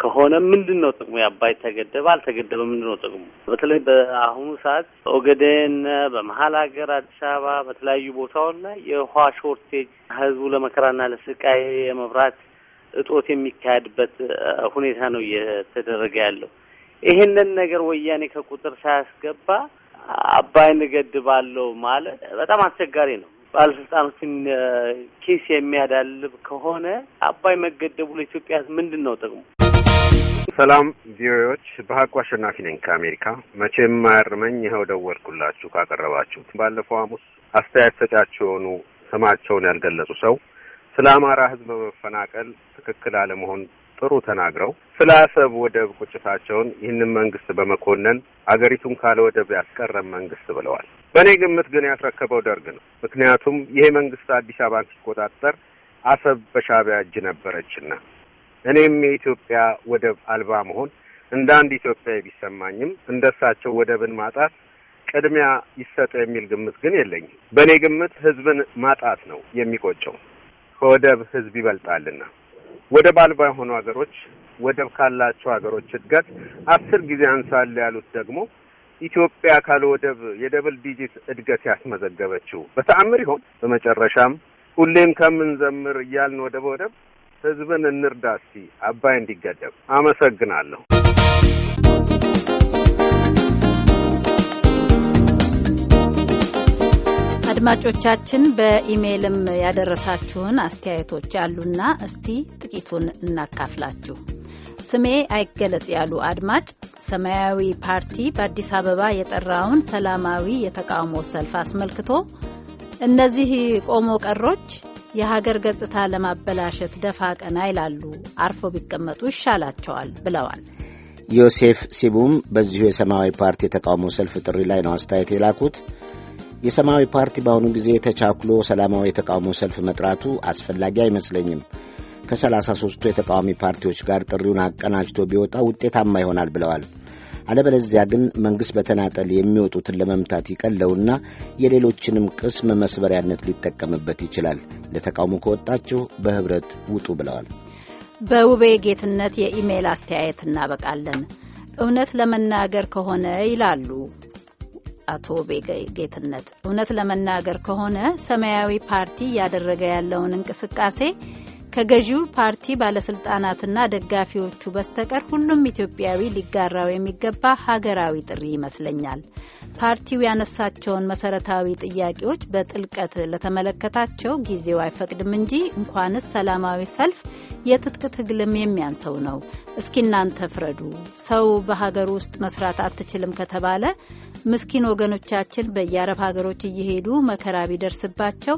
ከሆነ ምንድን ነው ጥቅሙ? የአባይ ተገደበ አልተገደበ ምንድን ነው ጥቅሙ? በተለይ በአሁኑ ሰዓት ኦገዴን፣ በመሀል ሀገር፣ አዲስ አበባ በተለያዩ ቦታዎች ላይ የውሃ ሾርቴጅ ህዝቡ ለመከራና ለስቃይ የመብራት እጦት የሚካሄድበት ሁኔታ ነው እየተደረገ ያለው። ይሄንን ነገር ወያኔ ከቁጥር ሳያስገባ አባይን እገድባለሁ ማለት በጣም አስቸጋሪ ነው። ባለስልጣኖችን ኪስ የሚያዳልብ ከሆነ አባይ መገደቡ ለኢትዮጵያ ምንድን ነው ጥቅሙ? ሰላም ቪኦኤዎች፣ በሀቁ አሸናፊ ነኝ ከአሜሪካ። መቼም አያርመኝ ይኸው ደወልኩላችሁ ካቀረባችሁት። ባለፈው ሐሙስ አስተያየት ሰጫች የሆኑ ስማቸውን ያልገለጹ ሰው ስለ አማራ ሕዝብ መፈናቀል ትክክል አለመሆን ጥሩ ተናግረው ስለ አሰብ ወደብ ቁጭታቸውን ይህንን መንግስት በመኮነን አገሪቱን ካለ ወደብ ያስቀረም መንግስት ብለዋል። በእኔ ግምት ግን ያስረከበው ደርግ ነው። ምክንያቱም ይሄ መንግስት አዲስ አበባን ሲቆጣጠር አሰብ በሻቢያ እጅ ነበረችና እኔም የኢትዮጵያ ወደብ አልባ መሆን እንደ አንድ ኢትዮጵያ ቢሰማኝም እንደ እሳቸው ወደብን ማጣት ቅድሚያ ይሰጠ የሚል ግምት ግን የለኝም። በእኔ ግምት ህዝብን ማጣት ነው የሚቆጨው። ከወደብ ህዝብ ይበልጣልና ወደብ አልባ የሆኑ ሀገሮች ወደብ ካላቸው ሀገሮች እድገት አስር ጊዜ አንሳለ ያሉት ደግሞ ኢትዮጵያ ካለ ወደብ የደብል ዲጂት እድገት ያስመዘገበችው በተአምር ይሆን? በመጨረሻም ሁሌም ከምንዘምር እያልን ወደብ ወደብ ህዝብን እንርዳ እስቲ አባይ እንዲገደብ። አመሰግናለሁ። አድማጮቻችን በኢሜይልም ያደረሳችሁን አስተያየቶች አሉና እስቲ ጥቂቱን እናካፍላችሁ። ስሜ አይገለጽ ያሉ አድማጭ ሰማያዊ ፓርቲ በአዲስ አበባ የጠራውን ሰላማዊ የተቃውሞ ሰልፍ አስመልክቶ እነዚህ ቆሞ ቀሮች የሀገር ገጽታ ለማበላሸት ደፋ ቀና ይላሉ፣ አርፎ ቢቀመጡ ይሻላቸዋል ብለዋል። ዮሴፍ ሲቡም በዚሁ የሰማያዊ ፓርቲ የተቃውሞ ሰልፍ ጥሪ ላይ ነው አስተያየት የላኩት። የሰማያዊ ፓርቲ በአሁኑ ጊዜ ተቻኩሎ ሰላማዊ የተቃውሞ ሰልፍ መጥራቱ አስፈላጊ አይመስለኝም። ከ33ቱ የተቃዋሚ ፓርቲዎች ጋር ጥሪውን አቀናጅቶ ቢወጣ ውጤታማ ይሆናል ብለዋል። አለበለዚያ ግን መንግሥት በተናጠል የሚወጡትን ለመምታት ይቀለውና የሌሎችንም ቅስም መስበሪያነት ሊጠቀምበት ይችላል። ለተቃውሞ ከወጣችሁ በኅብረት ውጡ ብለዋል። በውቤ ጌትነት የኢሜይል አስተያየት እናበቃለን። እውነት ለመናገር ከሆነ ይላሉ አቶ ውቤ ጌትነት፣ እውነት ለመናገር ከሆነ ሰማያዊ ፓርቲ እያደረገ ያለውን እንቅስቃሴ ከገዢው ፓርቲ ባለስልጣናትና ደጋፊዎቹ በስተቀር ሁሉም ኢትዮጵያዊ ሊጋራው የሚገባ ሀገራዊ ጥሪ ይመስለኛል። ፓርቲው ያነሳቸውን መሰረታዊ ጥያቄዎች በጥልቀት ለተመለከታቸው ጊዜው አይፈቅድም እንጂ እንኳንስ ሰላማዊ ሰልፍ የትጥቅ ትግልም የሚያንሰው ነው። እስኪ እናንተ ፍረዱ። ሰው በሀገር ውስጥ መስራት አትችልም ከተባለ ምስኪን ወገኖቻችን በየአረብ ሀገሮች እየሄዱ መከራ ቢደርስባቸው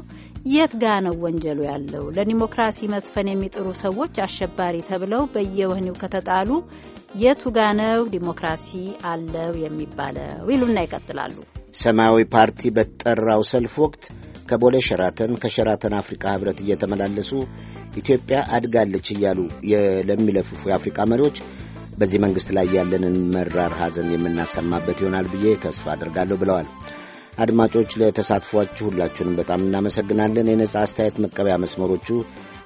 የት ጋ ነው ወንጀሉ ያለው? ለዲሞክራሲ መስፈን የሚጥሩ ሰዎች አሸባሪ ተብለው በየወህኒው ከተጣሉ የቱ ጋ ነው ዲሞክራሲ አለው የሚባለው? ይሉና ይቀጥላሉ። ሰማያዊ ፓርቲ በተጠራው ሰልፍ ወቅት ከቦሌ ሸራተን፣ ከሸራተን አፍሪካ ህብረት እየተመላለሱ ኢትዮጵያ አድጋለች እያሉ ለሚለፍፉ የአፍሪካ መሪዎች በዚህ መንግሥት ላይ ያለንን መራር ሐዘን የምናሰማበት ይሆናል ብዬ ተስፋ አድርጋለሁ ብለዋል። አድማጮች ለተሳትፏችሁ ሁላችሁንም በጣም እናመሰግናለን። የነጻ አስተያየት መቀበያ መስመሮቹ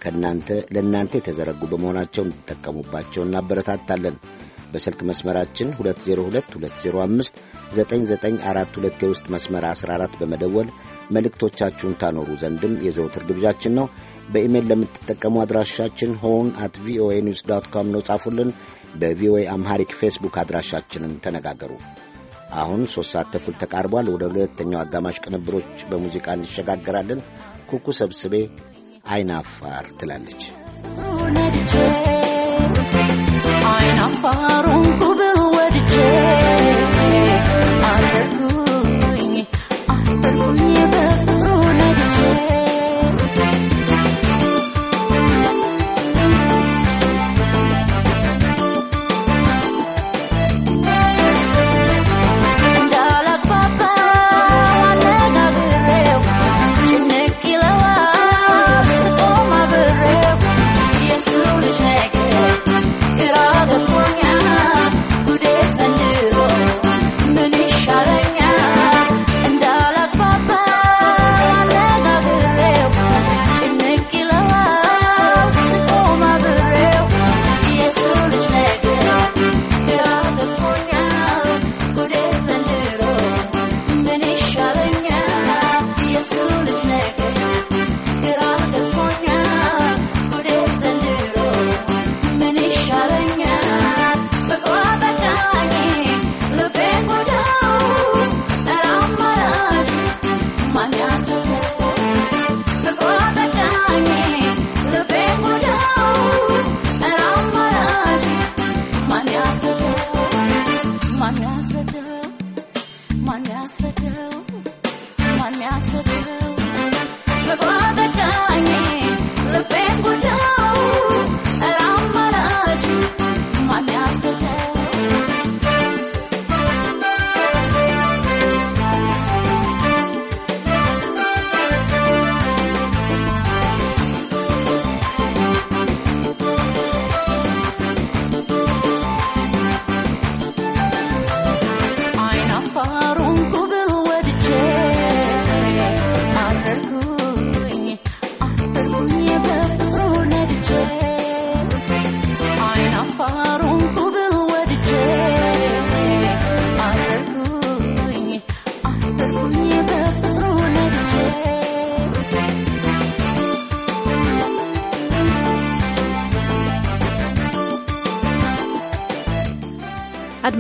ከእናንተ ለእናንተ የተዘረጉ በመሆናቸው እንዲጠቀሙባቸው እናበረታታለን። በስልክ መስመራችን 2022059942 የውስጥ መስመር 14 በመደወል መልእክቶቻችሁን ታኖሩ ዘንድም የዘውትር ግብዣችን ነው። በኢሜይል ለምትጠቀሙ አድራሻችን ሆን አት ቪኦኤ ኒውስ ዶት ኮም ነው፣ ጻፉልን። በቪኦኤ አምሃሪክ ፌስቡክ አድራሻችንም ተነጋገሩ። አሁን ሦስት ሰዓት ተኩል ተቃርቧል። ወደ ሁለተኛው አጋማሽ ቅንብሮች በሙዚቃ እንሸጋገራለን። ኩኩ ሰብስቤ አይናፋር ትላለች።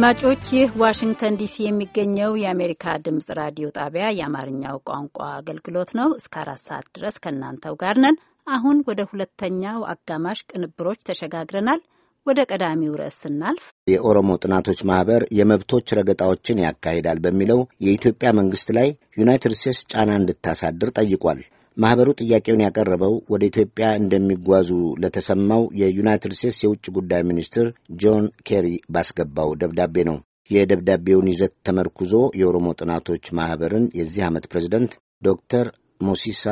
አድማጮች ይህ ዋሽንግተን ዲሲ የሚገኘው የአሜሪካ ድምፅ ራዲዮ ጣቢያ የአማርኛው ቋንቋ አገልግሎት ነው። እስከ አራት ሰዓት ድረስ ከእናንተው ጋር ነን። አሁን ወደ ሁለተኛው አጋማሽ ቅንብሮች ተሸጋግረናል። ወደ ቀዳሚው ርዕስ ስናልፍ የኦሮሞ ጥናቶች ማህበር የመብቶች ረገጣዎችን ያካሂዳል በሚለው የኢትዮጵያ መንግስት ላይ ዩናይትድ ስቴትስ ጫና እንድታሳድር ጠይቋል። ማኅበሩ ጥያቄውን ያቀረበው ወደ ኢትዮጵያ እንደሚጓዙ ለተሰማው የዩናይትድ ስቴትስ የውጭ ጉዳይ ሚኒስትር ጆን ኬሪ ባስገባው ደብዳቤ ነው። የደብዳቤውን ይዘት ተመርኩዞ የኦሮሞ ጥናቶች ማኅበርን የዚህ ዓመት ፕሬዝደንት ዶክተር ሞሲሳ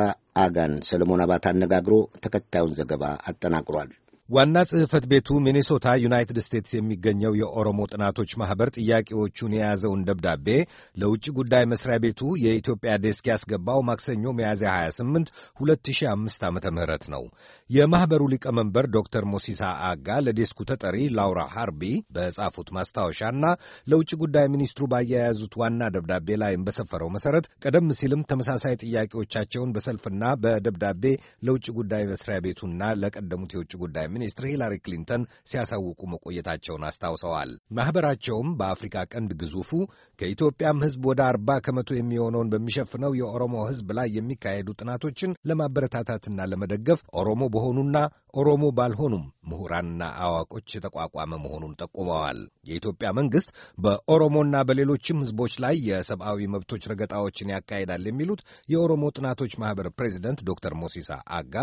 አጋን ሰለሞን አባት አነጋግሮ ተከታዩን ዘገባ አጠናቅሯል። ዋና ጽሕፈት ቤቱ ሚኔሶታ ዩናይትድ ስቴትስ የሚገኘው የኦሮሞ ጥናቶች ማኅበር ጥያቄዎቹን የያዘውን ደብዳቤ ለውጭ ጉዳይ መስሪያ ቤቱ የኢትዮጵያ ዴስክ ያስገባው ማክሰኞ ሚያዝያ 28 2005 ዓ ም ነው። የማኅበሩ ሊቀመንበር ዶክተር ሞሲሳ አጋ ለዴስኩ ተጠሪ ላውራ ሃርቢ በጻፉት ማስታወሻና ለውጭ ጉዳይ ሚኒስትሩ ባያያዙት ዋና ደብዳቤ ላይም በሰፈረው መሠረት ቀደም ሲልም ተመሳሳይ ጥያቄዎቻቸውን በሰልፍና በደብዳቤ ለውጭ ጉዳይ መስሪያ ቤቱና ለቀደሙት የውጭ ጉዳይ ሚኒስትር ሂላሪ ክሊንተን ሲያሳውቁ መቆየታቸውን አስታውሰዋል። ማኅበራቸውም በአፍሪካ ቀንድ ግዙፉ ከኢትዮጵያም ሕዝብ ወደ አርባ ከመቶ የሚሆነውን በሚሸፍነው የኦሮሞ ሕዝብ ላይ የሚካሄዱ ጥናቶችን ለማበረታታትና ለመደገፍ ኦሮሞ በሆኑና ኦሮሞ ባልሆኑም ምሁራንና አዋቆች የተቋቋመ መሆኑን ጠቁመዋል። የኢትዮጵያ መንግሥት በኦሮሞና በሌሎችም ሕዝቦች ላይ የሰብአዊ መብቶች ረገጣዎችን ያካሂዳል የሚሉት የኦሮሞ ጥናቶች ማኅበር ፕሬዚደንት ዶክተር ሞሲሳ አጋ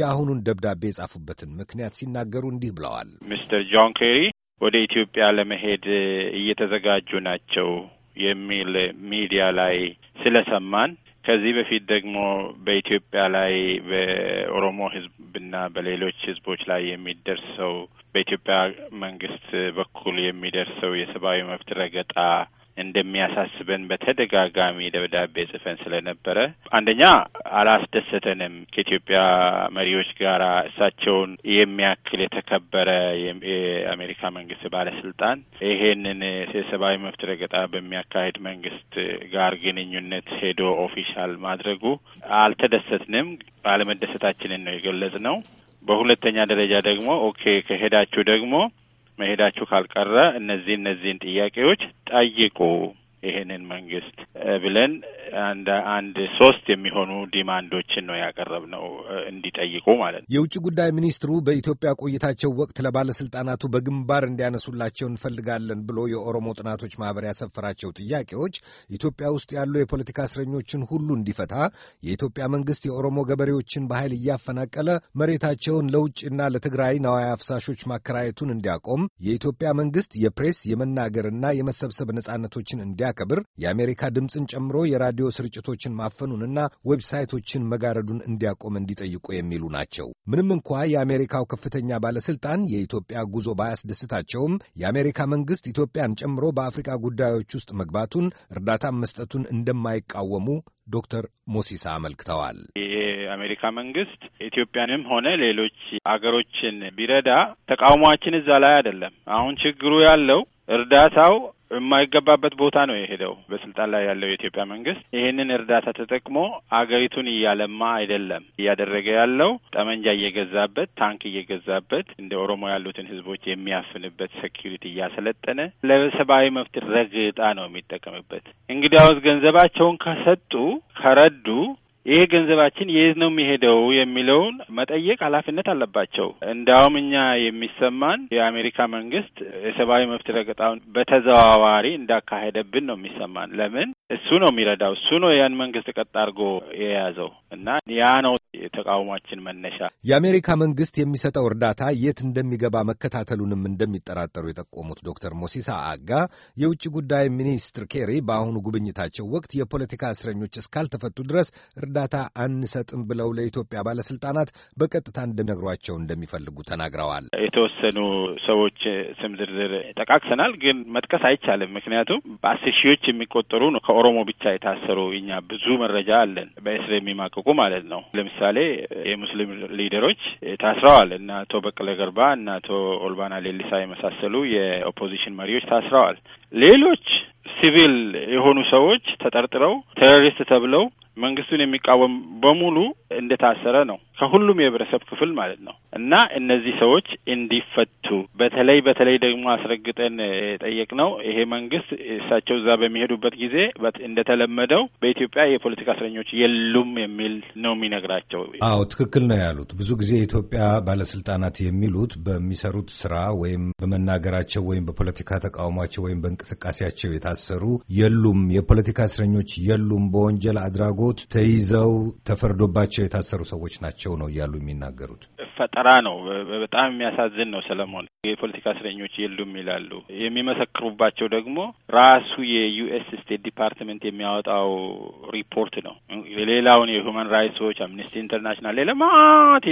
የአሁኑን ደብዳቤ የጻፉበትን ምክንያት ሲናገሩ እንዲህ ብለዋል። ሚስተር ጆን ኬሪ ወደ ኢትዮጵያ ለመሄድ እየተዘጋጁ ናቸው የሚል ሚዲያ ላይ ስለሰማን ከዚህ በፊት ደግሞ በኢትዮጵያ ላይ በኦሮሞ ሕዝብና በሌሎች ህዝቦች ላይ የሚደርሰው በኢትዮጵያ መንግስት በኩል የሚደርሰው የሰብአዊ መብት ረገጣ እንደሚያሳስበን በተደጋጋሚ ደብዳቤ ጽፈን ስለነበረ አንደኛ አላስደሰተንም። ከኢትዮጵያ መሪዎች ጋር እሳቸውን የሚያክል የተከበረ የአሜሪካ መንግስት ባለስልጣን ይሄንን የሰብአዊ መብት ረገጣ በሚያካሄድ መንግስት ጋር ግንኙነት ሄዶ ኦፊሻል ማድረጉ አልተደሰትንም። አለመደሰታችንን ነው የገለጽ ነው። በሁለተኛ ደረጃ ደግሞ ኦኬ ከሄዳችሁ ደግሞ መሄዳችሁ ካልቀረ እነዚህ እነዚህን ጥያቄዎች ጠይቁ ይሄንን መንግስት ብለን አንድ አንድ ሶስት የሚሆኑ ዲማንዶችን ነው ያቀረብነው እንዲጠይቁ ማለት ነው። የውጭ ጉዳይ ሚኒስትሩ በኢትዮጵያ ቆይታቸው ወቅት ለባለስልጣናቱ በግንባር እንዲያነሱላቸው እንፈልጋለን ብሎ የኦሮሞ ጥናቶች ማህበር ያሰፈራቸው ጥያቄዎች ኢትዮጵያ ውስጥ ያሉ የፖለቲካ እስረኞችን ሁሉ እንዲፈታ፣ የኢትዮጵያ መንግስት የኦሮሞ ገበሬዎችን በኃይል እያፈናቀለ መሬታቸውን ለውጭና ለትግራይ ነዋይ አፍሳሾች ማከራየቱን እንዲያቆም፣ የኢትዮጵያ መንግስት የፕሬስ የመናገርና የመሰብሰብ ነጻነቶችን እንዲያ እንዲያከብር የአሜሪካ ድምፅን ጨምሮ የራዲዮ ስርጭቶችን ማፈኑንና ዌብሳይቶችን መጋረዱን እንዲያቆም እንዲጠይቁ የሚሉ ናቸው። ምንም እንኳ የአሜሪካው ከፍተኛ ባለስልጣን የኢትዮጵያ ጉዞ ባያስደስታቸውም የአሜሪካ መንግስት ኢትዮጵያን ጨምሮ በአፍሪካ ጉዳዮች ውስጥ መግባቱን እርዳታ መስጠቱን እንደማይቃወሙ ዶክተር ሞሲሳ አመልክተዋል። የአሜሪካ መንግስት ኢትዮጵያንም ሆነ ሌሎች አገሮችን ቢረዳ ተቃውሟችን እዛ ላይ አይደለም። አሁን ችግሩ ያለው እርዳታው የማይገባበት ቦታ ነው የሄደው። በስልጣን ላይ ያለው የኢትዮጵያ መንግስት ይህንን እርዳታ ተጠቅሞ አገሪቱን እያለማ አይደለም እያደረገ ያለው ጠመንጃ እየገዛበት፣ ታንክ እየገዛበት እንደ ኦሮሞ ያሉትን ህዝቦች የሚያፍንበት ሴኪሪቲ እያሰለጠነ ለሰብአዊ መብት ረግጣ ነው የሚጠቀምበት። እንግዲያውስ ገንዘባቸውን ከሰጡ ከረዱ ይሄ ገንዘባችን የት ነው የሚሄደው የሚለውን መጠየቅ ኃላፊነት አለባቸው። እንዲያውም እኛ የሚሰማን የአሜሪካ መንግስት የሰብአዊ መብት ረገጣውን በተዘዋዋሪ እንዳካሄደብን ነው የሚሰማን። ለምን እሱ ነው የሚረዳው። እሱ ነው ያን መንግስት ቀጥ አድርጎ የያዘው እና ያ ነው የተቃውሟችን መነሻ። የአሜሪካ መንግስት የሚሰጠው እርዳታ የት እንደሚገባ መከታተሉንም እንደሚጠራጠሩ የጠቆሙት ዶክተር ሞሲሳ አጋ የውጭ ጉዳይ ሚኒስትር ኬሪ በአሁኑ ጉብኝታቸው ወቅት የፖለቲካ እስረኞች እስካልተፈቱ ድረስ እርዳታ አንሰጥም ብለው ለኢትዮጵያ ባለስልጣናት በቀጥታ እንደሚነግሯቸው እንደሚፈልጉ ተናግረዋል። የተወሰኑ ሰዎች ስም ዝርዝር ጠቃቅሰናል፣ ግን መጥቀስ አይቻልም። ምክንያቱም በአስር ሺዎች የሚቆጠሩ ነው ከኦሮሞ ብቻ የታሰሩ እኛ ብዙ መረጃ አለን፣ በእስር የሚማቅቁ ማለት ነው። ለምሳሌ የሙስሊም ሊደሮች ታስረዋል። እነ አቶ በቀለ ገርባ እና አቶ ኦልባና ሌሊሳ የመሳሰሉ የኦፖዚሽን መሪዎች ታስረዋል። ሌሎች ሲቪል የሆኑ ሰዎች ተጠርጥረው ቴሮሪስት ተብለው መንግስቱን የሚቃወም በሙሉ እንደታሰረ ነው። ከሁሉም የህብረተሰብ ክፍል ማለት ነው። እና እነዚህ ሰዎች እንዲፈቱ በተለይ በተለይ ደግሞ አስረግጠን የጠየቅነው ይሄ መንግስት እሳቸው እዛ በሚሄዱበት ጊዜ እንደተለመደው በኢትዮጵያ የፖለቲካ እስረኞች የሉም የሚል ነው የሚነግራቸው። አዎ ትክክል ነው ያሉት። ብዙ ጊዜ የኢትዮጵያ ባለስልጣናት የሚሉት በሚሰሩት ስራ ወይም በመናገራቸው ወይም በፖለቲካ ተቃውሟቸው ወይም በእንቅስቃሴያቸው የታሰሩ የሉም፣ የፖለቲካ እስረኞች የሉም፣ በወንጀል አድራጎ በቅርቦት ተይዘው ተፈርዶባቸው የታሰሩ ሰዎች ናቸው ነው እያሉ የሚናገሩት። ፈጠራ ነው። በጣም የሚያሳዝን ነው ሰለሞን። የፖለቲካ እስረኞች የሉም ይላሉ። የሚመሰክሩባቸው ደግሞ ራሱ የዩኤስ ስቴት ዲፓርትመንት የሚያወጣው ሪፖርት ነው። ሌላውን የሁማን ራይትስ ዎች፣ አምነስቲ ኢንተርናሽናል፣ ሌላ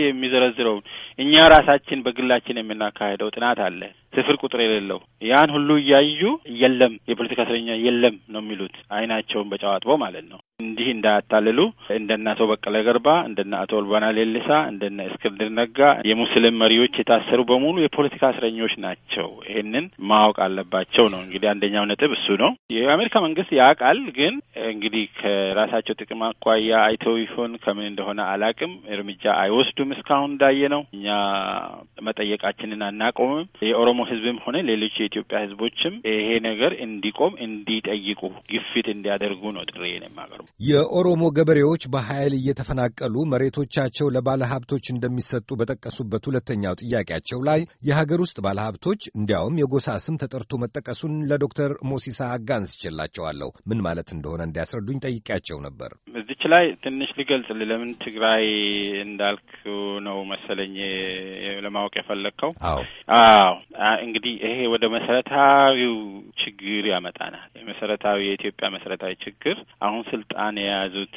የሚዘረዝረውን እኛ ራሳችን በግላችን የምናካሄደው ጥናት አለ ስፍር ቁጥር የሌለው ያን ሁሉ እያዩ የለም የፖለቲካ እስረኛ የለም ነው የሚሉት አይናቸውን በጨዋጥበው ማለት ነው። እንዲህ እንዳ ሲያታልሉ እንደነ አቶ በቀለ ገርባ፣ እንደነ አቶ ኦልባና ሌልሳ፣ እንደነ እስክንድር ነጋ የሙስሊም መሪዎች የታሰሩ በሙሉ የፖለቲካ እስረኞች ናቸው። ይህንን ማወቅ አለባቸው ነው እንግዲህ አንደኛው ነጥብ እሱ ነው። የአሜሪካ መንግስት ያውቃል። ግን እንግዲህ ከራሳቸው ጥቅም አኳያ አይተው ይሆን ከምን እንደሆነ አላቅም፣ እርምጃ አይወስዱም። እስካሁን እንዳየ ነው እኛ መጠየቃችንን አናቆምም። የኦሮሞ ህዝብም ሆነ ሌሎች የኢትዮጵያ ህዝቦችም ይሄ ነገር እንዲቆም እንዲጠይቁ ግፊት እንዲያደርጉ ነው ጥሪ የማቀርቡ። የኦሮሞ ገበሬዎች በኃይል እየተፈናቀሉ መሬቶቻቸው ለባለ ሀብቶች እንደሚሰጡ በጠቀሱበት ሁለተኛው ጥያቄያቸው ላይ የሀገር ውስጥ ባለ ሀብቶች እንዲያውም የጎሳ ስም ተጠርቶ መጠቀሱን ለዶክተር ሞሲሳ አጋንስ ችላቸዋለሁ። ምን ማለት እንደሆነ እንዲያስረዱኝ ጠይቄያቸው ነበር። እዚች ላይ ትንሽ ሊገልጽ ለምን ትግራይ እንዳልክ ነው መሰለኝ ለማወቅ የፈለግከው። አዎ እንግዲህ ይሄ ወደ መሰረታዊው ችግር ያመጣናል። መሰረታዊ የኢትዮጵያ መሰረታዊ ችግር አሁን ስልጣን የያዙት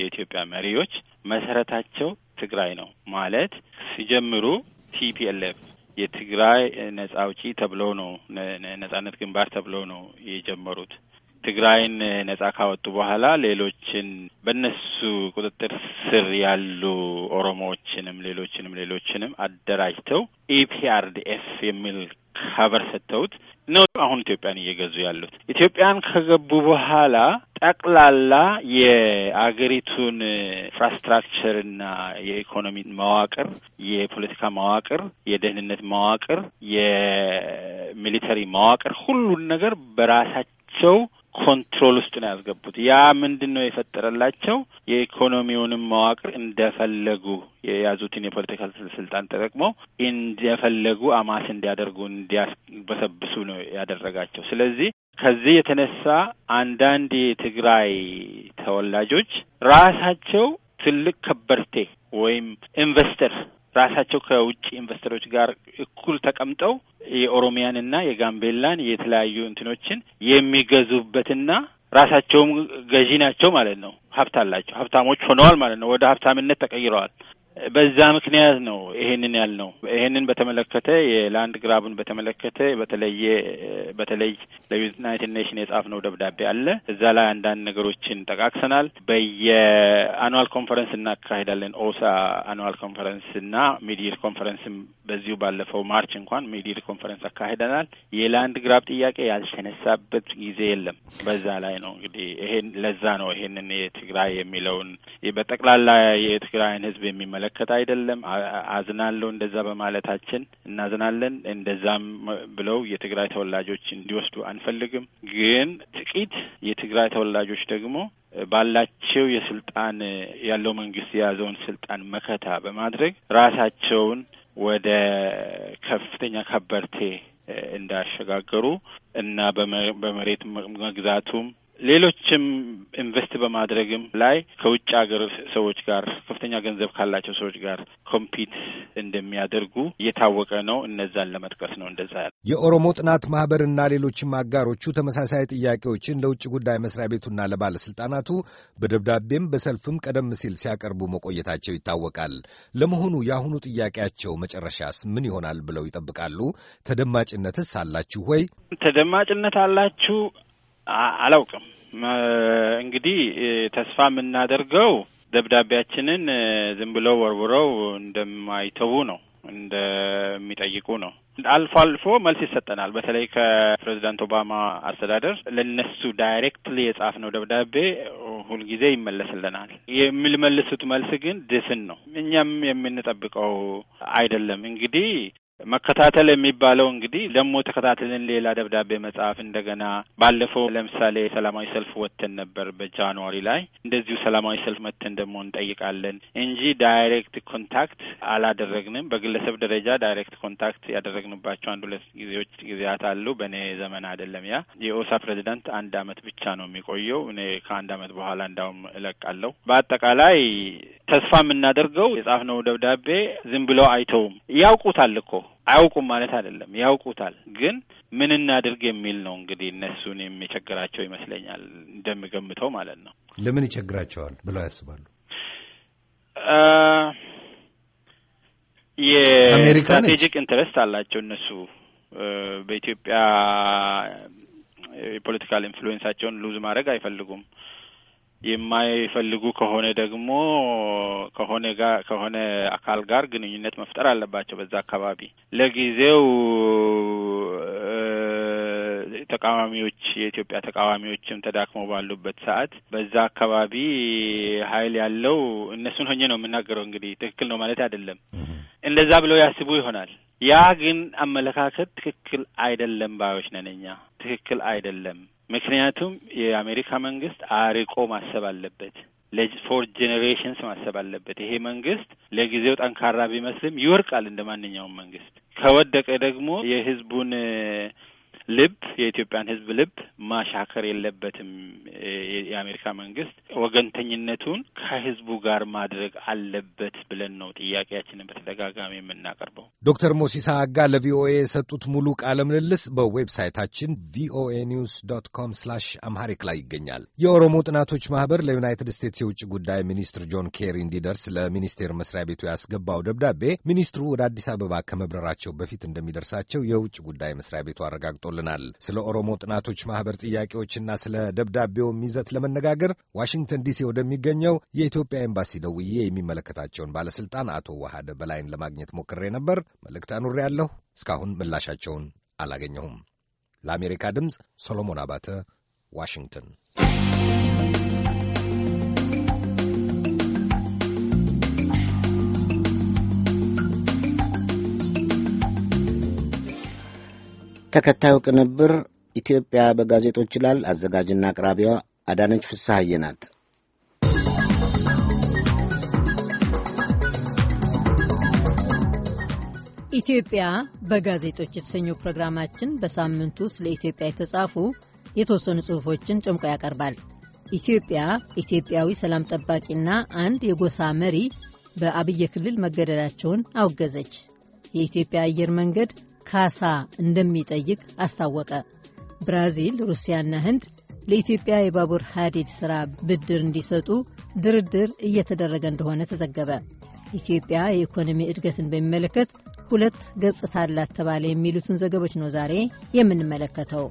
የኢትዮጵያ መሪዎች መሰረታቸው ትግራይ ነው ማለት ሲጀምሩ ቲፒኤልኤፍ የትግራይ ነጻ አውጪ ተብሎ ነው ነጻነት ግንባር ተብሎ ነው የጀመሩት። ትግራይን ነጻ ካወጡ በኋላ ሌሎችን በእነሱ ቁጥጥር ስር ያሉ ኦሮሞዎችንም ሌሎችንም ሌሎችንም አደራጅተው ኢፒአርዲኤፍ የሚል ሀበር ሰጥተውት ነው አሁን ኢትዮጵያን እየገዙ ያሉት። ኢትዮጵያን ከገቡ በኋላ ጠቅላላ የአገሪቱን ኢንፍራስትራክቸርና የኢኮኖሚ መዋቅር፣ የፖለቲካ መዋቅር፣ የደህንነት መዋቅር፣ የሚሊተሪ መዋቅር ሁሉን ነገር በራሳቸው ኮንትሮል ውስጥ ነው ያስገቡት። ያ ምንድን ነው የፈጠረላቸው? የኢኮኖሚውንም መዋቅር እንደፈለጉ የያዙትን የፖለቲካል ስልጣን ተጠቅመው እንደፈለጉ አማስ እንዲያደርጉ እንዲያስበሰብሱ ነው ያደረጋቸው። ስለዚህ ከዚህ የተነሳ አንዳንድ የትግራይ ተወላጆች ራሳቸው ትልቅ ከበርቴ ወይም ኢንቨስተር ራሳቸው ከውጭ ኢንቨስተሮች ጋር እኩል ተቀምጠው የኦሮሚያንና የጋምቤላን የተለያዩ እንትኖችን የሚገዙበትና ራሳቸውም ገዢ ናቸው ማለት ነው። ሀብት አላቸው። ሀብታሞች ሆነዋል ማለት ነው። ወደ ሀብታምነት ተቀይረዋል። በዛ ምክንያት ነው ይሄንን ያልነው። ይሄንን በተመለከተ የላንድ ግራብን በተመለከተ በተለየ በተለይ ለዩናይትድ ኔሽን የጻፍነው ደብዳቤ አለ። እዛ ላይ አንዳንድ ነገሮችን ጠቃቅሰናል። በየአኑዋል ኮንፈረንስ እናካሄዳለን። ኦሳ አኑዋል ኮንፈረንስ እና ሚድይር ኮንፈረንስም በዚሁ ባለፈው ማርች እንኳን ሚድይር ኮንፈረንስ አካሄደናል። የላንድ ግራብ ጥያቄ ያልተነሳበት ጊዜ የለም። በዛ ላይ ነው እንግዲህ ይሄን ለዛ ነው ይሄንን የትግራይ የሚለውን በጠቅላላ የትግራይን ህዝብ የሚመለ የሚመለከት አይደለም። አዝናለሁ እንደዛ በማለታችን እናዝናለን። እንደዛም ብለው የትግራይ ተወላጆች እንዲወስዱ አንፈልግም። ግን ጥቂት የትግራይ ተወላጆች ደግሞ ባላቸው የስልጣን ያለው መንግስት የያዘውን ስልጣን መከታ በማድረግ ራሳቸውን ወደ ከፍተኛ ከበርቴ እንዳሸጋገሩ እና በመሬት መግዛቱም ሌሎችም ኢንቨስት በማድረግም ላይ ከውጭ ሀገር ሰዎች ጋር ከፍተኛ ገንዘብ ካላቸው ሰዎች ጋር ኮምፒት እንደሚያደርጉ እየታወቀ ነው። እነዛን ለመጥቀስ ነው እንደዛ ያለ የኦሮሞ ጥናት ማህበርና ሌሎችም አጋሮቹ ተመሳሳይ ጥያቄዎችን ለውጭ ጉዳይ መስሪያ ቤቱና ለባለስልጣናቱ በደብዳቤም በሰልፍም ቀደም ሲል ሲያቀርቡ መቆየታቸው ይታወቃል። ለመሆኑ የአሁኑ ጥያቄያቸው መጨረሻስ ምን ይሆናል ብለው ይጠብቃሉ? ተደማጭነትስ አላችሁ ወይ? ተደማጭነት አላችሁ አላውቅም። እንግዲህ ተስፋ የምናደርገው ደብዳቤያችንን ዝም ብለው ወርውረው እንደማይተዉ ነው እንደሚጠይቁ ነው። አልፎ አልፎ መልስ ይሰጠናል። በተለይ ከፕሬዚዳንት ኦባማ አስተዳደር ለነሱ ዳይሬክትሊ የጻፍነው ደብዳቤ ሁልጊዜ ይመለስልናል። የሚመልሱት መልስ ግን ድፍን ነው፣ እኛም የምንጠብቀው አይደለም። እንግዲህ መከታተል የሚባለው እንግዲህ ደግሞ ተከታተልን ሌላ ደብዳቤ መጽሐፍ እንደገና ባለፈው ለምሳሌ ሰላማዊ ሰልፍ ወጥተን ነበር በጃንዋሪ ላይ እንደዚሁ ሰላማዊ ሰልፍ መጥተን ደግሞ እንጠይቃለን እንጂ ዳይሬክት ኮንታክት አላደረግንም። በግለሰብ ደረጃ ዳይሬክት ኮንታክት ያደረግንባቸው አንድ ሁለት ጊዜዎች ጊዜያት አሉ። በእኔ ዘመን አይደለም። ያ የኦሳ ፕሬዚዳንት አንድ አመት ብቻ ነው የሚቆየው። እኔ ከአንድ አመት በኋላ እንዳውም እለቃለሁ። በአጠቃላይ ተስፋ የምናደርገው የጻፍነው ደብዳቤ ዝም ብለው አይተውም። ያውቁታል እኮ አያውቁም ማለት አይደለም፣ ያውቁታል። ግን ምን እናድርግ የሚል ነው እንግዲህ እነሱን የሚቸግራቸው ይመስለኛል፣ እንደሚገምተው ማለት ነው። ለምን ይቸግራቸዋል ብለው ያስባሉ? የስትራቴጂክ ኢንትረስት አላቸው እነሱ በኢትዮጵያ የፖለቲካል ኢንፍሉዌንሳቸውን ሉዝ ማድረግ አይፈልጉም። የማይፈልጉ ከሆነ ደግሞ ከሆነ ጋር ከሆነ አካል ጋር ግንኙነት መፍጠር አለባቸው። በዛ አካባቢ ለጊዜው ተቃዋሚዎች የኢትዮጵያ ተቃዋሚዎችም ተዳክመው ባሉበት ሰዓት በዛ አካባቢ ኃይል ያለው እነሱን ሆኜ ነው የምናገረው። እንግዲህ ትክክል ነው ማለት አይደለም። እንደዛ ብለው ያስቡ ይሆናል። ያ ግን አመለካከት ትክክል አይደለም ባዮች ነን እኛ። ትክክል አይደለም። ምክንያቱም የአሜሪካ መንግስት አርቆ ማሰብ አለበት። ለፎር ጄኔሬሽንስ ማሰብ አለበት። ይሄ መንግስት ለጊዜው ጠንካራ ቢመስልም ይወርቃል እንደ ማንኛውም መንግስት። ከወደቀ ደግሞ የህዝቡን ልብ የኢትዮጵያን ህዝብ ልብ ማሻከር የለበትም። የአሜሪካ መንግስት ወገንተኝነቱን ከህዝቡ ጋር ማድረግ አለበት ብለን ነው ጥያቄያችንን በተደጋጋሚ የምናቀርበው። ዶክተር ሞሲሳ አጋ ለቪኦኤ የሰጡት ሙሉ ቃለ ምልልስ በዌብሳይታችን ቪኦኤ ኒውስ ዶት ኮም ስላሽ አምሃሪክ ላይ ይገኛል። የኦሮሞ ጥናቶች ማህበር ለዩናይትድ ስቴትስ የውጭ ጉዳይ ሚኒስትር ጆን ኬሪ እንዲደርስ ለሚኒስቴር መስሪያ ቤቱ ያስገባው ደብዳቤ ሚኒስትሩ ወደ አዲስ አበባ ከመብረራቸው በፊት እንደሚደርሳቸው የውጭ ጉዳይ መስሪያ ቤቱ አረጋግጦ ገልጸውልናል። ስለ ኦሮሞ ጥናቶች ማኅበር ጥያቄዎችና ስለ ደብዳቤውም ይዘት ለመነጋገር ዋሽንግተን ዲሲ ወደሚገኘው የኢትዮጵያ ኤምባሲ ደውዬ የሚመለከታቸውን ባለሥልጣን አቶ ዋሃደ በላይን ለማግኘት ሞክሬ ነበር። መልእክት አኑሬ ያለሁ እስካሁን ምላሻቸውን አላገኘሁም። ለአሜሪካ ድምፅ ሶሎሞን አባተ ዋሽንግተን ተከታዩ ቅንብር ኢትዮጵያ በጋዜጦች ይላል። አዘጋጅና አቅራቢዋ አዳነች ፍስሐዬ ናት። ኢትዮጵያ በጋዜጦች የተሰኘው ፕሮግራማችን በሳምንት ውስጥ ለኢትዮጵያ የተጻፉ የተወሰኑ ጽሑፎችን ጨምቆ ያቀርባል። ኢትዮጵያ፣ ኢትዮጵያዊ ሰላም ጠባቂና አንድ የጎሳ መሪ በአብየ ክልል መገደላቸውን አውገዘች የኢትዮጵያ አየር መንገድ ካሳ እንደሚጠይቅ አስታወቀ። ብራዚል፣ ሩሲያና ህንድ ለኢትዮጵያ የባቡር ሀዲድ ሥራ ብድር እንዲሰጡ ድርድር እየተደረገ እንደሆነ ተዘገበ። ኢትዮጵያ የኢኮኖሚ እድገትን በሚመለከት ሁለት ገጽታ አላት ተባለ የሚሉትን ዘገቦች ነው ዛሬ የምንመለከተው።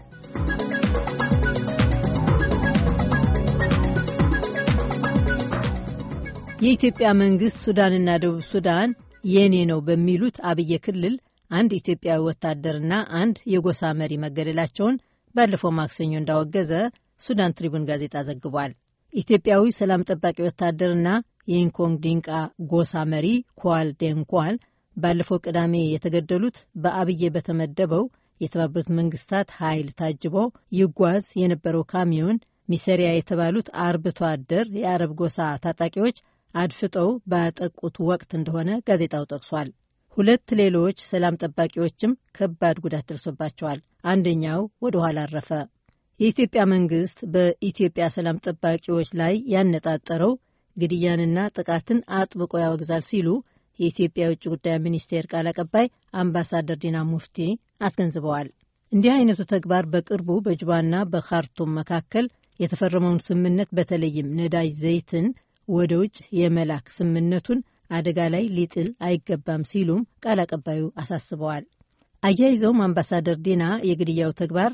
የኢትዮጵያ መንግሥት ሱዳንና ደቡብ ሱዳን የኔ ነው በሚሉት አብዬ ክልል አንድ ኢትዮጵያዊ ወታደርና አንድ የጎሳ መሪ መገደላቸውን ባለፈው ማክሰኞ እንዳወገዘ ሱዳን ትሪቡን ጋዜጣ ዘግቧል። ኢትዮጵያዊ ሰላም ጠባቂ ወታደርና የኢንኮንግ ዲንቃ ጎሳ መሪ ኳል ደንኳል ባለፈው ቅዳሜ የተገደሉት በአብዬ በተመደበው የተባበሩት መንግስታት ኃይል ታጅቦ ይጓዝ የነበረው ካሚዮን ሚሰሪያ የተባሉት አርብቶ አደር የአረብ ጎሳ ታጣቂዎች አድፍጠው ባጠቁት ወቅት እንደሆነ ጋዜጣው ጠቅሷል። ሁለት ሌሎች ሰላም ጠባቂዎችም ከባድ ጉዳት ደርሶባቸዋል። አንደኛው ወደ ኋላ አረፈ። የኢትዮጵያ መንግስት በኢትዮጵያ ሰላም ጠባቂዎች ላይ ያነጣጠረው ግድያንና ጥቃትን አጥብቆ ያወግዛል ሲሉ የኢትዮጵያ የውጭ ጉዳይ ሚኒስቴር ቃል አቀባይ አምባሳደር ዲና ሙፍቲ አስገንዝበዋል። እንዲህ አይነቱ ተግባር በቅርቡ በጁባና በካርቱም መካከል የተፈረመውን ስምምነት በተለይም ነዳጅ ዘይትን ወደ ውጭ የመላክ ስምምነቱን አደጋ ላይ ሊጥል አይገባም ሲሉም ቃል አቀባዩ አሳስበዋል። አያይዘውም አምባሳደር ዲና የግድያው ተግባር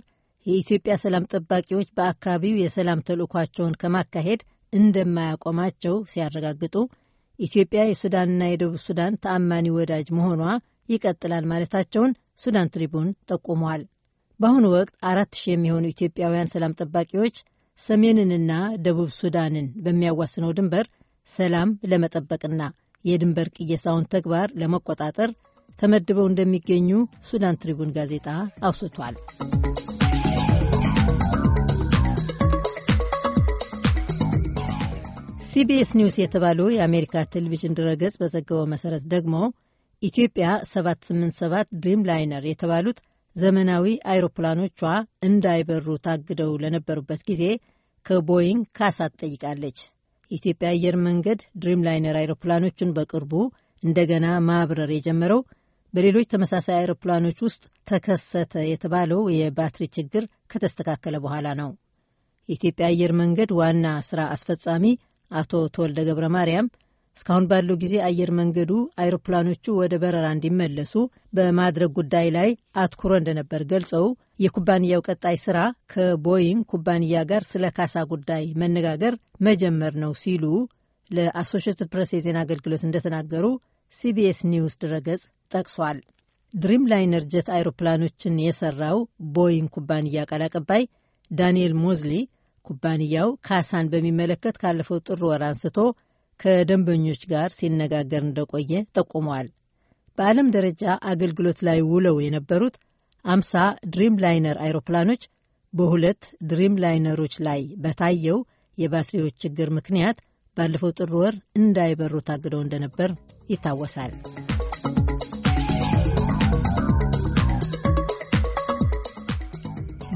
የኢትዮጵያ ሰላም ጠባቂዎች በአካባቢው የሰላም ተልእኳቸውን ከማካሄድ እንደማያቆማቸው ሲያረጋግጡ ኢትዮጵያ የሱዳንና የደቡብ ሱዳን ተአማኒ ወዳጅ መሆኗ ይቀጥላል ማለታቸውን ሱዳን ትሪቡን ጠቁመዋል። በአሁኑ ወቅት አራት ሺህ የሚሆኑ ኢትዮጵያውያን ሰላም ጠባቂዎች ሰሜንንና ደቡብ ሱዳንን በሚያዋስነው ድንበር ሰላም ለመጠበቅና የድንበር ቅየሳውን ተግባር ለመቆጣጠር ተመድበው እንደሚገኙ ሱዳን ትሪቡን ጋዜጣ አውስቷል። ሲቢኤስ ኒውስ የተባለው የአሜሪካ ቴሌቪዥን ድረገጽ በዘገበው መሰረት ደግሞ ኢትዮጵያ 787 ድሪም ላይነር የተባሉት ዘመናዊ አይሮፕላኖቿ እንዳይበሩ ታግደው ለነበሩበት ጊዜ ከቦይንግ ካሳ ትጠይቃለች። የኢትዮጵያ አየር መንገድ ድሪም ላይነር አይሮፕላኖቹን በቅርቡ እንደገና ማብረር የጀመረው በሌሎች ተመሳሳይ አይሮፕላኖች ውስጥ ተከሰተ የተባለው የባትሪ ችግር ከተስተካከለ በኋላ ነው። የኢትዮጵያ አየር መንገድ ዋና ስራ አስፈጻሚ አቶ ተወልደ ገብረ ማርያም እስካሁን ባለው ጊዜ አየር መንገዱ አይሮፕላኖቹ ወደ በረራ እንዲመለሱ በማድረግ ጉዳይ ላይ አትኩሮ እንደነበር ገልጸው የኩባንያው ቀጣይ ስራ ከቦይንግ ኩባንያ ጋር ስለ ካሳ ጉዳይ መነጋገር መጀመር ነው ሲሉ ለአሶሽትድ ፕሬስ የዜና አገልግሎት እንደተናገሩ ሲቢኤስ ኒውስ ድረገጽ ጠቅሷል። ድሪም ላይነር ጀት አይሮፕላኖችን የሰራው ቦይንግ ኩባንያ ቃል አቀባይ ዳንኤል ሞዝሊ ኩባንያው ካሳን በሚመለከት ካለፈው ጥር ወር አንስቶ ከደንበኞች ጋር ሲነጋገር እንደቆየ ጠቁመዋል። በዓለም ደረጃ አገልግሎት ላይ ውለው የነበሩት አምሳ ድሪም ላይነር አይሮፕላኖች በሁለት ድሪም ላይነሮች ላይ በታየው የባትሪዎች ችግር ምክንያት ባለፈው ጥር ወር እንዳይበሩ ታግደው እንደነበር ይታወሳል።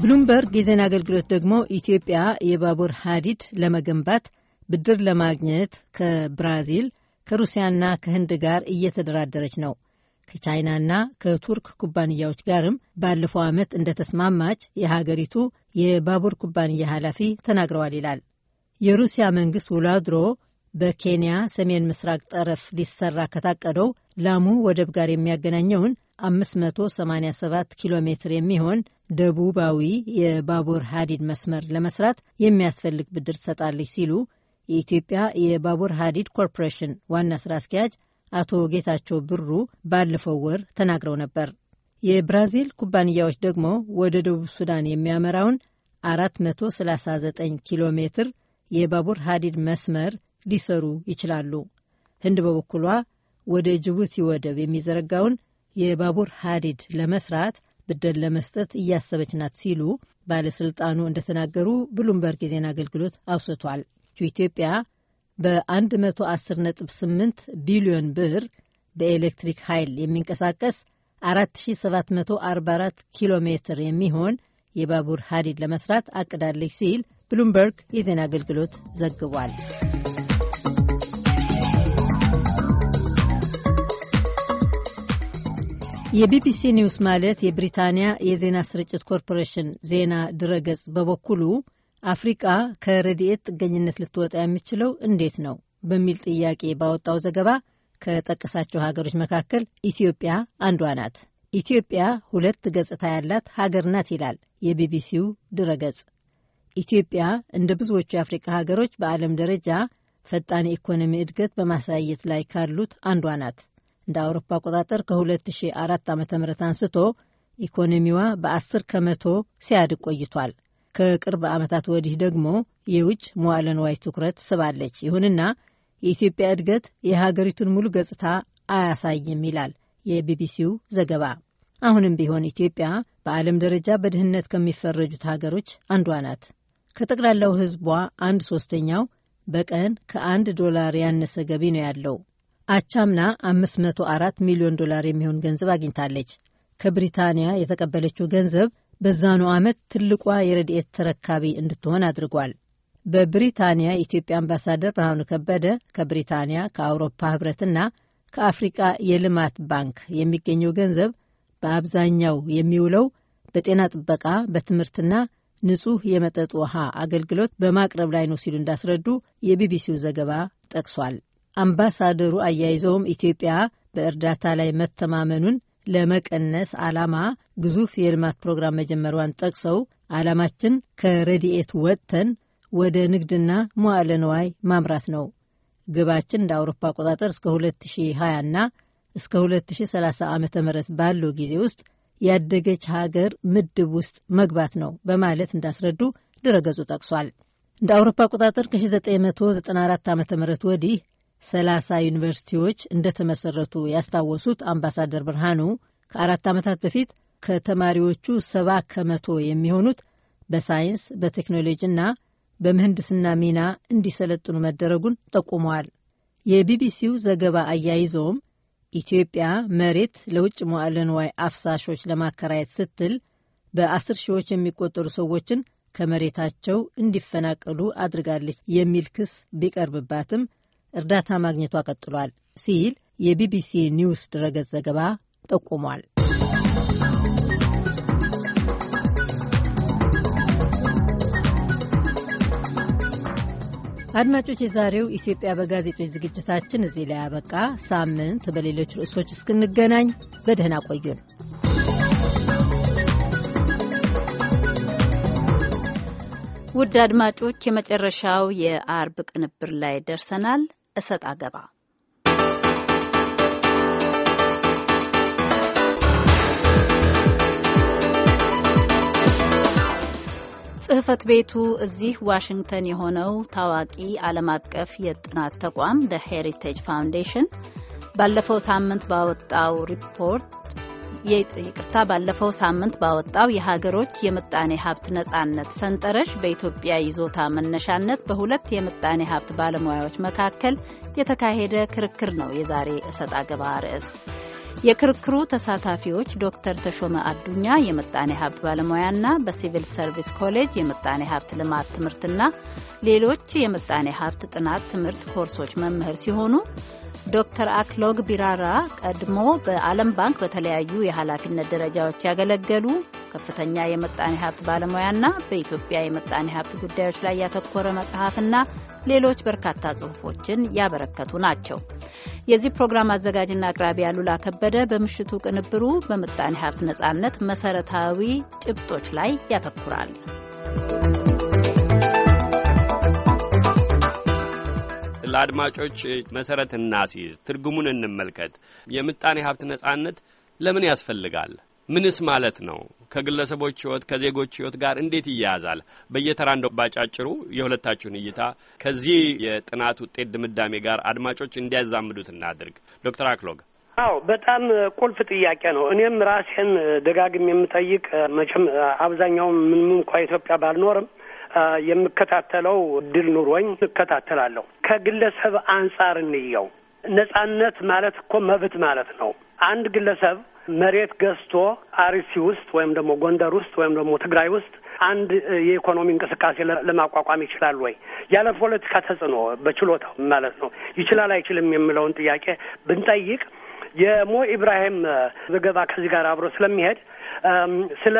ብሉምበርግ የዜና አገልግሎት ደግሞ ኢትዮጵያ የባቡር ሀዲድ ለመገንባት ብድር ለማግኘት ከብራዚል ከሩሲያና ከህንድ ጋር እየተደራደረች ነው። ከቻይናና ከቱርክ ኩባንያዎች ጋርም ባለፈው ዓመት እንደተስማማች የሀገሪቱ የባቡር ኩባንያ ኃላፊ ተናግረዋል ይላል። የሩሲያ መንግሥት ውሎ አድሮ በኬንያ ሰሜን ምስራቅ ጠረፍ ሊሰራ ከታቀደው ላሙ ወደብ ጋር የሚያገናኘውን 587 ኪሎ ሜትር የሚሆን ደቡባዊ የባቡር ሀዲድ መስመር ለመስራት የሚያስፈልግ ብድር ትሰጣለች ሲሉ የኢትዮጵያ የባቡር ሀዲድ ኮርፖሬሽን ዋና ስራ አስኪያጅ አቶ ጌታቸው ብሩ ባለፈው ወር ተናግረው ነበር። የብራዚል ኩባንያዎች ደግሞ ወደ ደቡብ ሱዳን የሚያመራውን 439 ኪሎ ሜትር የባቡር ሀዲድ መስመር ሊሰሩ ይችላሉ። ህንድ በበኩሏ ወደ ጅቡቲ ወደብ የሚዘረጋውን የባቡር ሀዲድ ለመስራት ብድር ለመስጠት እያሰበች ናት ሲሉ ባለሥልጣኑ እንደተናገሩ ብሉምበርግ የዜና አገልግሎት አውስቷል። የሆነችው ኢትዮጵያ በ110.8 ቢሊዮን ብር በኤሌክትሪክ ኃይል የሚንቀሳቀስ 4744 ኪሎ ሜትር የሚሆን የባቡር ሀዲድ ለመስራት አቅዳለች ሲል ብሉምበርግ የዜና አገልግሎት ዘግቧል። የቢቢሲ ኒውስ ማለት የብሪታንያ የዜና ስርጭት ኮርፖሬሽን ዜና ድረገጽ በበኩሉ አፍሪቃ ከረድኤት ጥገኝነት ልትወጣ የምችለው እንዴት ነው በሚል ጥያቄ ባወጣው ዘገባ ከጠቀሳቸው ሀገሮች መካከል ኢትዮጵያ አንዷ ናት። ኢትዮጵያ ሁለት ገጽታ ያላት ሀገር ናት ይላል የቢቢሲው ድረገጽ። ኢትዮጵያ እንደ ብዙዎቹ የአፍሪቃ ሀገሮች በዓለም ደረጃ ፈጣን የኢኮኖሚ እድገት በማሳየት ላይ ካሉት አንዷ ናት። እንደ አውሮፓ አቆጣጠር ከ2004 ም አንስቶ ኢኮኖሚዋ በ10 ከመቶ ሲያድግ ቆይቷል። ከቅርብ ዓመታት ወዲህ ደግሞ የውጭ መዋለ ንዋይ ትኩረት ስባለች። ይሁንና የኢትዮጵያ እድገት የሀገሪቱን ሙሉ ገጽታ አያሳይም ይላል የቢቢሲው ዘገባ። አሁንም ቢሆን ኢትዮጵያ በዓለም ደረጃ በድህነት ከሚፈረጁት ሀገሮች አንዷ ናት። ከጠቅላላው ሕዝቧ አንድ ሶስተኛው በቀን ከአንድ ዶላር ያነሰ ገቢ ነው ያለው። አቻምና 504 ሚሊዮን ዶላር የሚሆን ገንዘብ አግኝታለች። ከብሪታንያ የተቀበለችው ገንዘብ በዛኑ ዓመት ትልቋ የረድኤት ተረካቢ እንድትሆን አድርጓል። በብሪታንያ የኢትዮጵያ አምባሳደር ብርሃኑ ከበደ ከብሪታንያ ከአውሮፓ ህብረትና ከአፍሪቃ የልማት ባንክ የሚገኘው ገንዘብ በአብዛኛው የሚውለው በጤና ጥበቃ፣ በትምህርትና ንጹህ የመጠጥ ውሃ አገልግሎት በማቅረብ ላይ ነው ሲሉ እንዳስረዱ የቢቢሲው ዘገባ ጠቅሷል። አምባሳደሩ አያይዘውም ኢትዮጵያ በእርዳታ ላይ መተማመኑን ለመቀነስ ዓላማ ግዙፍ የልማት ፕሮግራም መጀመሯን ጠቅሰው ዓላማችን ከረድኤት ወጥተን ወደ ንግድና መዋዕለ ንዋይ ማምራት ነው። ግባችን እንደ አውሮፓ አቆጣጠር እስከ 2020 እና እስከ 2030 ዓ ም ባለው ጊዜ ውስጥ ያደገች ሀገር ምድብ ውስጥ መግባት ነው በማለት እንዳስረዱ ድረገጹ ጠቅሷል። እንደ አውሮፓ አቆጣጠር ከ1994 ዓ ም ወዲህ 30 ዩኒቨርሲቲዎች እንደተመሰረቱ ያስታወሱት አምባሳደር ብርሃኑ ከአራት ዓመታት በፊት ከተማሪዎቹ ሰባ ከመቶ የሚሆኑት በሳይንስ በቴክኖሎጂና በምህንድስና ሚና እንዲሰለጥኑ መደረጉን ጠቁመዋል። የቢቢሲው ዘገባ አያይዞም ኢትዮጵያ መሬት ለውጭ መዋዕለ ንዋይ አፍሳሾች ለማከራየት ስትል በአስር ሺዎች የሚቆጠሩ ሰዎችን ከመሬታቸው እንዲፈናቀሉ አድርጋለች የሚል ክስ ቢቀርብባትም እርዳታ ማግኘቷ ቀጥሏል ሲል የቢቢሲ ኒውስ ድረገጽ ዘገባ ጠቁሟል። አድማጮች፣ የዛሬው ኢትዮጵያ በጋዜጦች ዝግጅታችን እዚህ ላይ ያበቃ። ሳምንት በሌሎች ርዕሶች እስክንገናኝ በደህና ቆዩን። ውድ አድማጮች የመጨረሻው የአርብ ቅንብር ላይ ደርሰናል። እሰጥ አገባ ጽህፈት ቤቱ እዚህ ዋሽንግተን የሆነው ታዋቂ ዓለም አቀፍ የጥናት ተቋም ደ ሄሪቴጅ ፋውንዴሽን ባለፈው ሳምንት ባወጣው ሪፖርት ይቅርታ ባለፈው ሳምንት ባወጣው የሀገሮች የምጣኔ ሀብት ነጻነት ሰንጠረዥ በኢትዮጵያ ይዞታ መነሻነት በሁለት የምጣኔ ሀብት ባለሙያዎች መካከል የተካሄደ ክርክር ነው የዛሬ እሰጥ አገባ ርዕስ። የክርክሩ ተሳታፊዎች ዶክተር ተሾመ አዱኛ የምጣኔ ሀብት ባለሙያና በሲቪል ሰርቪስ ኮሌጅ የምጣኔ ሀብት ልማት ትምህርትና ሌሎች የምጣኔ ሀብት ጥናት ትምህርት ኮርሶች መምህር ሲሆኑ ዶክተር አክሎግ ቢራራ ቀድሞ በዓለም ባንክ በተለያዩ የኃላፊነት ደረጃዎች ያገለገሉ ከፍተኛ የመጣኔ ሀብት ባለሙያና በኢትዮጵያ የመጣኔ ሀብት ጉዳዮች ላይ ያተኮረ መጽሐፍና ሌሎች በርካታ ጽሁፎችን ያበረከቱ ናቸው። የዚህ ፕሮግራም አዘጋጅና አቅራቢ ያሉላ ከበደ በምሽቱ ቅንብሩ በምጣኔ ሀብት ነጻነት መሰረታዊ ጭብጦች ላይ ያተኩራል። ለአድማጮች መሰረት እናስይዝ፣ ትርጉሙን እንመልከት። የምጣኔ ሀብት ነጻነት ለምን ያስፈልጋል? ምንስ ማለት ነው? ከግለሰቦች ህይወት ከዜጎች ህይወት ጋር እንዴት ይያያዛል? በየተራ እንደው ባጫጭሩ የሁለታችሁን እይታ ከዚህ የጥናት ውጤት ድምዳሜ ጋር አድማጮች እንዲያዛምዱት እናድርግ። ዶክተር አክሎግ አዎ በጣም ቁልፍ ጥያቄ ነው። እኔም ራሴን ደጋግም የምጠይቅ መቼም አብዛኛውም ምንም እንኳ ኢትዮጵያ ባልኖርም የምከታተለው ድል ኑሮኝ እከታተላለሁ። ከግለሰብ አንጻር እንየው። ነጻነት ማለት እኮ መብት ማለት ነው። አንድ ግለሰብ መሬት ገዝቶ አርሲ ውስጥ ወይም ደግሞ ጎንደር ውስጥ ወይም ደግሞ ትግራይ ውስጥ አንድ የኢኮኖሚ እንቅስቃሴ ለማቋቋም ይችላል ወይ? ያለ ፖለቲካ ተጽዕኖ በችሎታው ማለት ነው። ይችላል አይችልም የሚለውን ጥያቄ ብንጠይቅ የሞ ኢብራሂም ዘገባ ከዚህ ጋር አብሮ ስለሚሄድ ስለ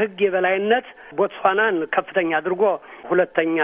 ሕግ የበላይነት ቦትስዋናን ከፍተኛ አድርጎ ሁለተኛ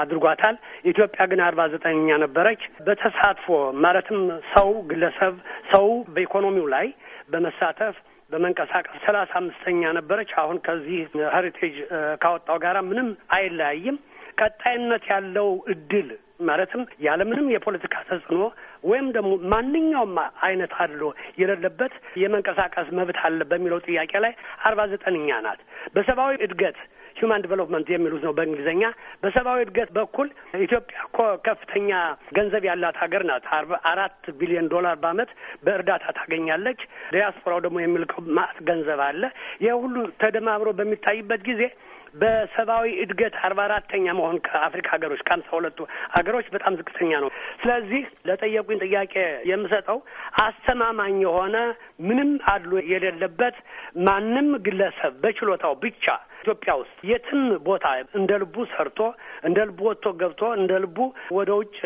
አድርጓታል። ኢትዮጵያ ግን አርባ ዘጠነኛ ነበረች። በተሳትፎ ማለትም ሰው ግለሰብ ሰው በኢኮኖሚው ላይ በመሳተፍ በመንቀሳቀስ ሰላሳ አምስተኛ ነበረች። አሁን ከዚህ ሄሪቴጅ ካወጣው ጋራ ምንም አይለያይም። ቀጣይነት ያለው እድል ማለትም ያለምንም የፖለቲካ ተጽዕኖ ወይም ደግሞ ማንኛውም አይነት አድሎ የሌለበት የመንቀሳቀስ መብት አለ በሚለው ጥያቄ ላይ አርባ ዘጠነኛ ናት። በሰብአዊ እድገት ሂውማን ዲቨሎፕመንት የሚሉት ነው በእንግሊዝኛ። በሰብአዊ እድገት በኩል ኢትዮጵያ እኮ ከፍተኛ ገንዘብ ያላት ሀገር ናት። አራት ቢሊዮን ዶላር በዓመት በእርዳታ ታገኛለች። ዲያስፖራው ደግሞ የሚልከው ማት ገንዘብ አለ። ይህ ሁሉ ተደማምሮ በሚታይበት ጊዜ በሰብአዊ እድገት አርባ አራተኛ መሆን ከአፍሪካ ሀገሮች ከአምሳ ሁለቱ ሀገሮች በጣም ዝቅተኛ ነው። ስለዚህ ለጠየቁኝ ጥያቄ የምሰጠው አስተማማኝ የሆነ ምንም አድሎ የሌለበት ማንም ግለሰብ በችሎታው ብቻ ኢትዮጵያ ውስጥ የትም ቦታ እንደ ልቡ ሰርቶ እንደ ልቡ ወጥቶ ገብቶ እንደ ልቡ ወደ ውጭ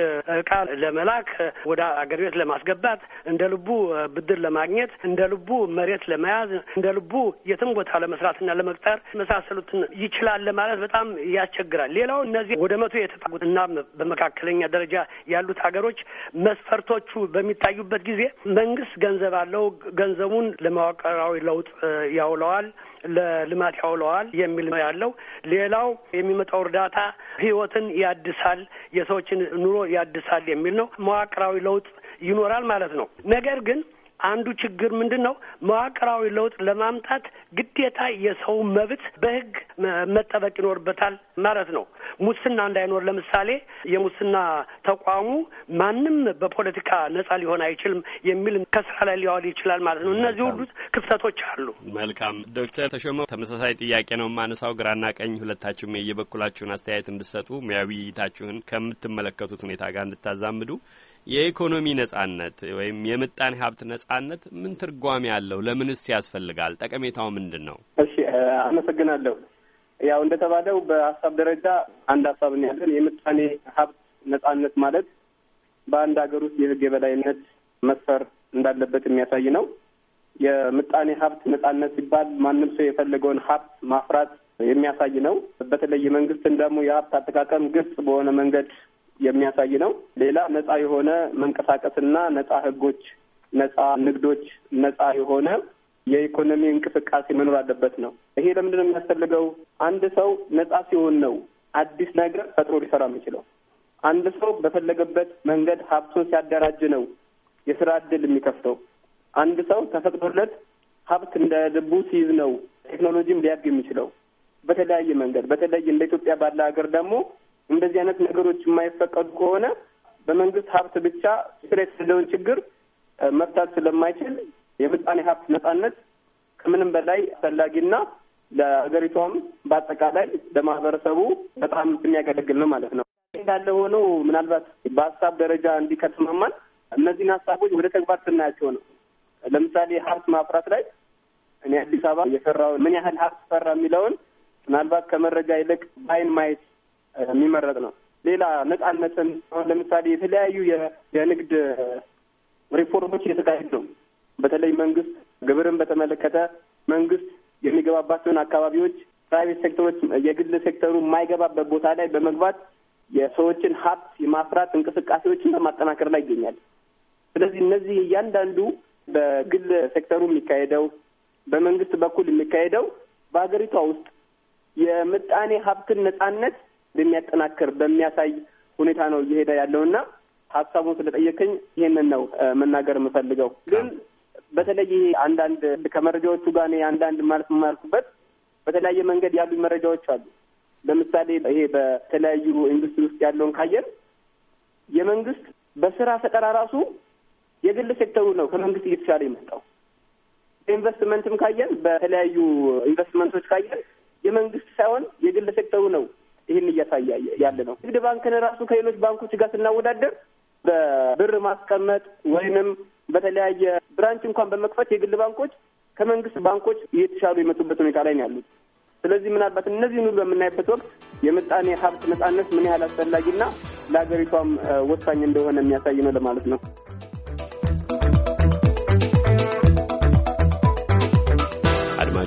እቃ ለመላክ ወደ አገር ቤት ለማስገባት እንደ ልቡ ብድር ለማግኘት እንደ ልቡ መሬት ለመያዝ እንደ ልቡ የትም ቦታ ለመስራትና ለመቅጠር መሳሰሉትን ይችላል ለማለት በጣም ያስቸግራል። ሌላው እነዚህ ወደ መቶ የተጠጉት እና በመካከለኛ ደረጃ ያሉት ሀገሮች መስፈርቶቹ በሚታዩበት ጊዜ መንግስት ገንዘብ አለው፣ ገንዘቡን ለመዋቅራዊ ለውጥ ያውለዋል፣ ለልማት ያውለዋል የሚል ነው ያለው። ሌላው የሚመጣው እርዳታ ህይወትን ያድሳል፣ የሰዎችን ኑሮ ያድሳል የሚል ነው። መዋቅራዊ ለውጥ ይኖራል ማለት ነው። ነገር ግን አንዱ ችግር ምንድን ነው? መዋቅራዊ ለውጥ ለማምጣት ግዴታ የሰው መብት በህግ መጠበቅ ይኖርበታል ማለት ነው። ሙስና እንዳይኖር ለምሳሌ የሙስና ተቋሙ ማንም በፖለቲካ ነጻ ሊሆን አይችልም የሚል ከስራ ላይ ሊዋል ይችላል ማለት ነው። እነዚህ ሁሉ ክፍተቶች አሉ። መልካም ዶክተር ተሾመ ተመሳሳይ ጥያቄ ነው የማነሳው። ግራና ቀኝ ሁለታችሁም የየበኩላችሁን አስተያየት እንድሰጡ ሙያዊ ውይይታችሁን ከምትመለከቱት ሁኔታ ጋር እንድታዛምዱ የኢኮኖሚ ነጻነት ወይም የምጣኔ ሀብት ነጻነት ምን ትርጓሜ ያለው? ለምንስ ያስፈልጋል? ጠቀሜታው ምንድን ነው? እሺ አመሰግናለሁ። ያው እንደተባለው በሀሳብ ደረጃ አንድ ሀሳብ ያለን የምጣኔ ሀብት ነጻነት ማለት በአንድ ሀገር ውስጥ የህግ የበላይነት መስፈር እንዳለበት የሚያሳይ ነው። የምጣኔ ሀብት ነጻነት ሲባል ማንም ሰው የፈለገውን ሀብት ማፍራት የሚያሳይ ነው። በተለይ መንግስትን ደግሞ የሀብት አጠቃቀም ግልጽ በሆነ መንገድ የሚያሳይ ነው። ሌላ ነጻ የሆነ መንቀሳቀስና ነጻ ህጎች፣ ነጻ ንግዶች፣ ነጻ የሆነ የኢኮኖሚ እንቅስቃሴ መኖር አለበት ነው። ይሄ ለምንድን ነው የሚያስፈልገው? አንድ ሰው ነጻ ሲሆን ነው አዲስ ነገር ፈጥሮ ሊሰራ የሚችለው። አንድ ሰው በፈለገበት መንገድ ሀብቱን ሲያደራጅ ነው የስራ እድል የሚከፍተው። አንድ ሰው ተፈቅዶለት ሀብት እንደ ልቡ ሲይዝ ነው ቴክኖሎጂም ሊያድግ የሚችለው በተለያየ መንገድ። በተለይ እንደ ኢትዮጵያ ባለ ሀገር ደግሞ እንደዚህ አይነት ነገሮች የማይፈቀዱ ከሆነ በመንግስት ሀብት ብቻ ሲክሬት ያለውን ችግር መፍታት ስለማይችል የምጣኔ ሀብት ነጻነት ከምንም በላይ አስፈላጊና ለሀገሪቷም በአጠቃላይ ለማህበረሰቡ በጣም የሚያገለግል ነው ማለት ነው። እንዳለ ሆኖ ምናልባት በሀሳብ ደረጃ እንዲከስማማን እነዚህን ሀሳቦች ወደ ተግባር ስናያቸው ነው። ለምሳሌ ሀብት ማፍራት ላይ እኔ አዲስ አበባ የሰራውን ምን ያህል ሀብት ሰራ የሚለውን ምናልባት ከመረጃ ይልቅ በአይን ማየት የሚመረጥ ነው። ሌላ ነጻነትን አሁን ለምሳሌ የተለያዩ የንግድ ሪፎርሞች እየተካሄዱ ነው። በተለይ መንግስት ግብርን በተመለከተ መንግስት የሚገባባቸውን አካባቢዎች ፕራይቬት ሴክተሮች፣ የግል ሴክተሩ የማይገባበት ቦታ ላይ በመግባት የሰዎችን ሀብት የማፍራት እንቅስቃሴዎችን በማጠናከር ላይ ይገኛል። ስለዚህ እነዚህ እያንዳንዱ በግል ሴክተሩ የሚካሄደው በመንግስት በኩል የሚካሄደው በሀገሪቷ ውስጥ የምጣኔ ሀብትን ነጻነት እንደሚያጠናክር በሚያሳይ ሁኔታ ነው እየሄደ ያለው እና ሀሳቡን ስለጠየቀኝ ይህንን ነው መናገር የምፈልገው። ግን በተለይ አንዳንድ ከመረጃዎቹ ጋር እኔ አንዳንድ ማለት የማልኩበት በተለያየ መንገድ ያሉ መረጃዎች አሉ። ለምሳሌ ይሄ በተለያዩ ኢንዱስትሪ ውስጥ ያለውን ካየን የመንግስት በስራ ፈጠራ ራሱ የግል ሴክተሩ ነው ከመንግስት እየተሻለ የመጣው። በኢንቨስትመንትም ካየን በተለያዩ ኢንቨስትመንቶች ካየን የመንግስት ሳይሆን የግል ሴክተሩ ነው ይህን እያሳየ ያለ ነው። ንግድ ባንክን ራሱ ከሌሎች ባንኮች ጋር ስናወዳደር በብር ማስቀመጥ ወይንም በተለያየ ብራንች እንኳን በመክፈት የግል ባንኮች ከመንግስት ባንኮች እየተሻሉ የመጡበት ሁኔታ ላይ ነው ያሉት። ስለዚህ ምናልባት እነዚህን ሁሉ በምናይበት ወቅት የምጣኔ ሀብት ነጻነት ምን ያህል አስፈላጊና ለሀገሪቷም ወሳኝ እንደሆነ የሚያሳይ ነው ለማለት ነው።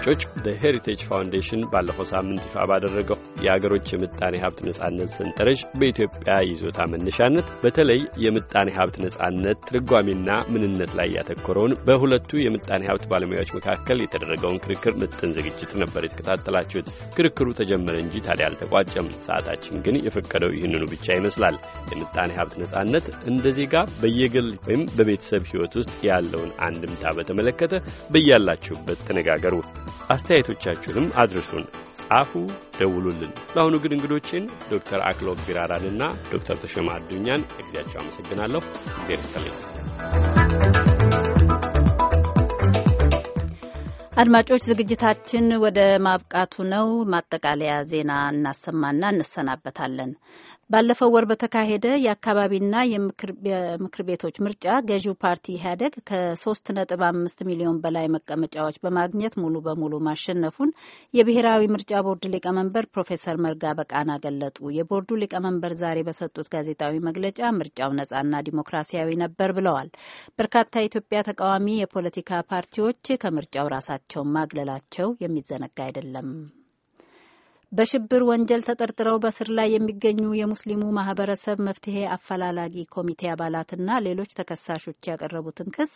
አድማጮች በሄሪቴጅ ፋውንዴሽን ባለፈው ሳምንት ይፋ ባደረገው የአገሮች የምጣኔ ሀብት ነጻነት ሰንጠረዥ በኢትዮጵያ ይዞታ መነሻነት በተለይ የምጣኔ ሀብት ነጻነት ትርጓሜና ምንነት ላይ ያተኮረውን በሁለቱ የምጣኔ ሀብት ባለሙያዎች መካከል የተደረገውን ክርክር ምጥን ዝግጅት ነበር የተከታተላችሁት። ክርክሩ ተጀመረ እንጂ ታዲያ አልተቋጨም። ሰዓታችን ግን የፈቀደው ይህንኑ ብቻ ይመስላል። የምጣኔ ሀብት ነጻነት እንደ ዜጋ በየግል ወይም በቤተሰብ ሕይወት ውስጥ ያለውን አንድምታ በተመለከተ በያላችሁበት ተነጋገሩ። አስተያየቶቻችሁንም አድርሱን፣ ጻፉ፣ ደውሉልን። ለአሁኑ ግን እንግዶችን ዶክተር አክሎግ ቢራራንና ዶክተር ተሸማ አዱኛን ለጊዜያቸው አመሰግናለሁ። ጊዜ ስተለኝ አድማጮች ዝግጅታችን ወደ ማብቃቱ ነው። ማጠቃለያ ዜና እናሰማና እንሰናበታለን። ባለፈው ወር በተካሄደ የአካባቢና የምክር ቤቶች ምርጫ ገዢው ፓርቲ ኢህአዴግ ከሶስት ነጥብ አምስት ሚሊዮን በላይ መቀመጫዎች በማግኘት ሙሉ በሙሉ ማሸነፉን የብሔራዊ ምርጫ ቦርድ ሊቀመንበር ፕሮፌሰር መርጋ በቃና ገለጡ። የቦርዱ ሊቀመንበር ዛሬ በሰጡት ጋዜጣዊ መግለጫ ምርጫው ነጻና ዲሞክራሲያዊ ነበር ብለዋል። በርካታ የኢትዮጵያ ተቃዋሚ የፖለቲካ ፓርቲዎች ከምርጫው ራሳቸውን ማግለላቸው የሚዘነጋ አይደለም። በሽብር ወንጀል ተጠርጥረው በስር ላይ የሚገኙ የሙስሊሙ ማህበረሰብ መፍትሄ አፈላላጊ ኮሚቴ አባላትና ሌሎች ተከሳሾች ያቀረቡትን ክስ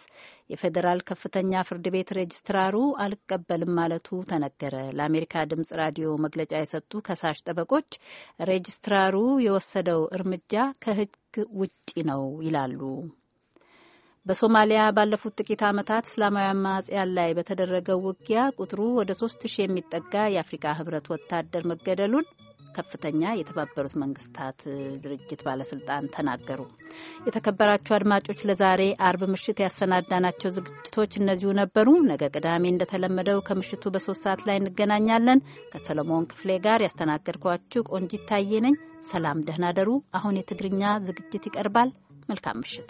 የፌዴራል ከፍተኛ ፍርድ ቤት ሬጅስትራሩ አልቀበልም ማለቱ ተነገረ። ለአሜሪካ ድምጽ ራዲዮ መግለጫ የሰጡ ከሳሽ ጠበቆች ሬጅስትራሩ የወሰደው እርምጃ ከህግ ውጪ ነው ይላሉ። በሶማሊያ ባለፉት ጥቂት ዓመታት እስላማዊ አማጽያን ላይ በተደረገው ውጊያ ቁጥሩ ወደ ሶስት ሺህ የሚጠጋ የአፍሪካ ህብረት ወታደር መገደሉን ከፍተኛ የተባበሩት መንግስታት ድርጅት ባለስልጣን ተናገሩ። የተከበራችሁ አድማጮች ለዛሬ አርብ ምሽት ያሰናዳናቸው ዝግጅቶች እነዚሁ ነበሩ። ነገ ቅዳሜ እንደተለመደው ከምሽቱ በሶስት ሰዓት ላይ እንገናኛለን። ከሰለሞን ክፍሌ ጋር ያስተናገድኳችሁ ቆንጂት ታዬ ነኝ። ሰላም፣ ደህና ደሩ። አሁን የትግርኛ ዝግጅት ይቀርባል። መልካም ምሽት።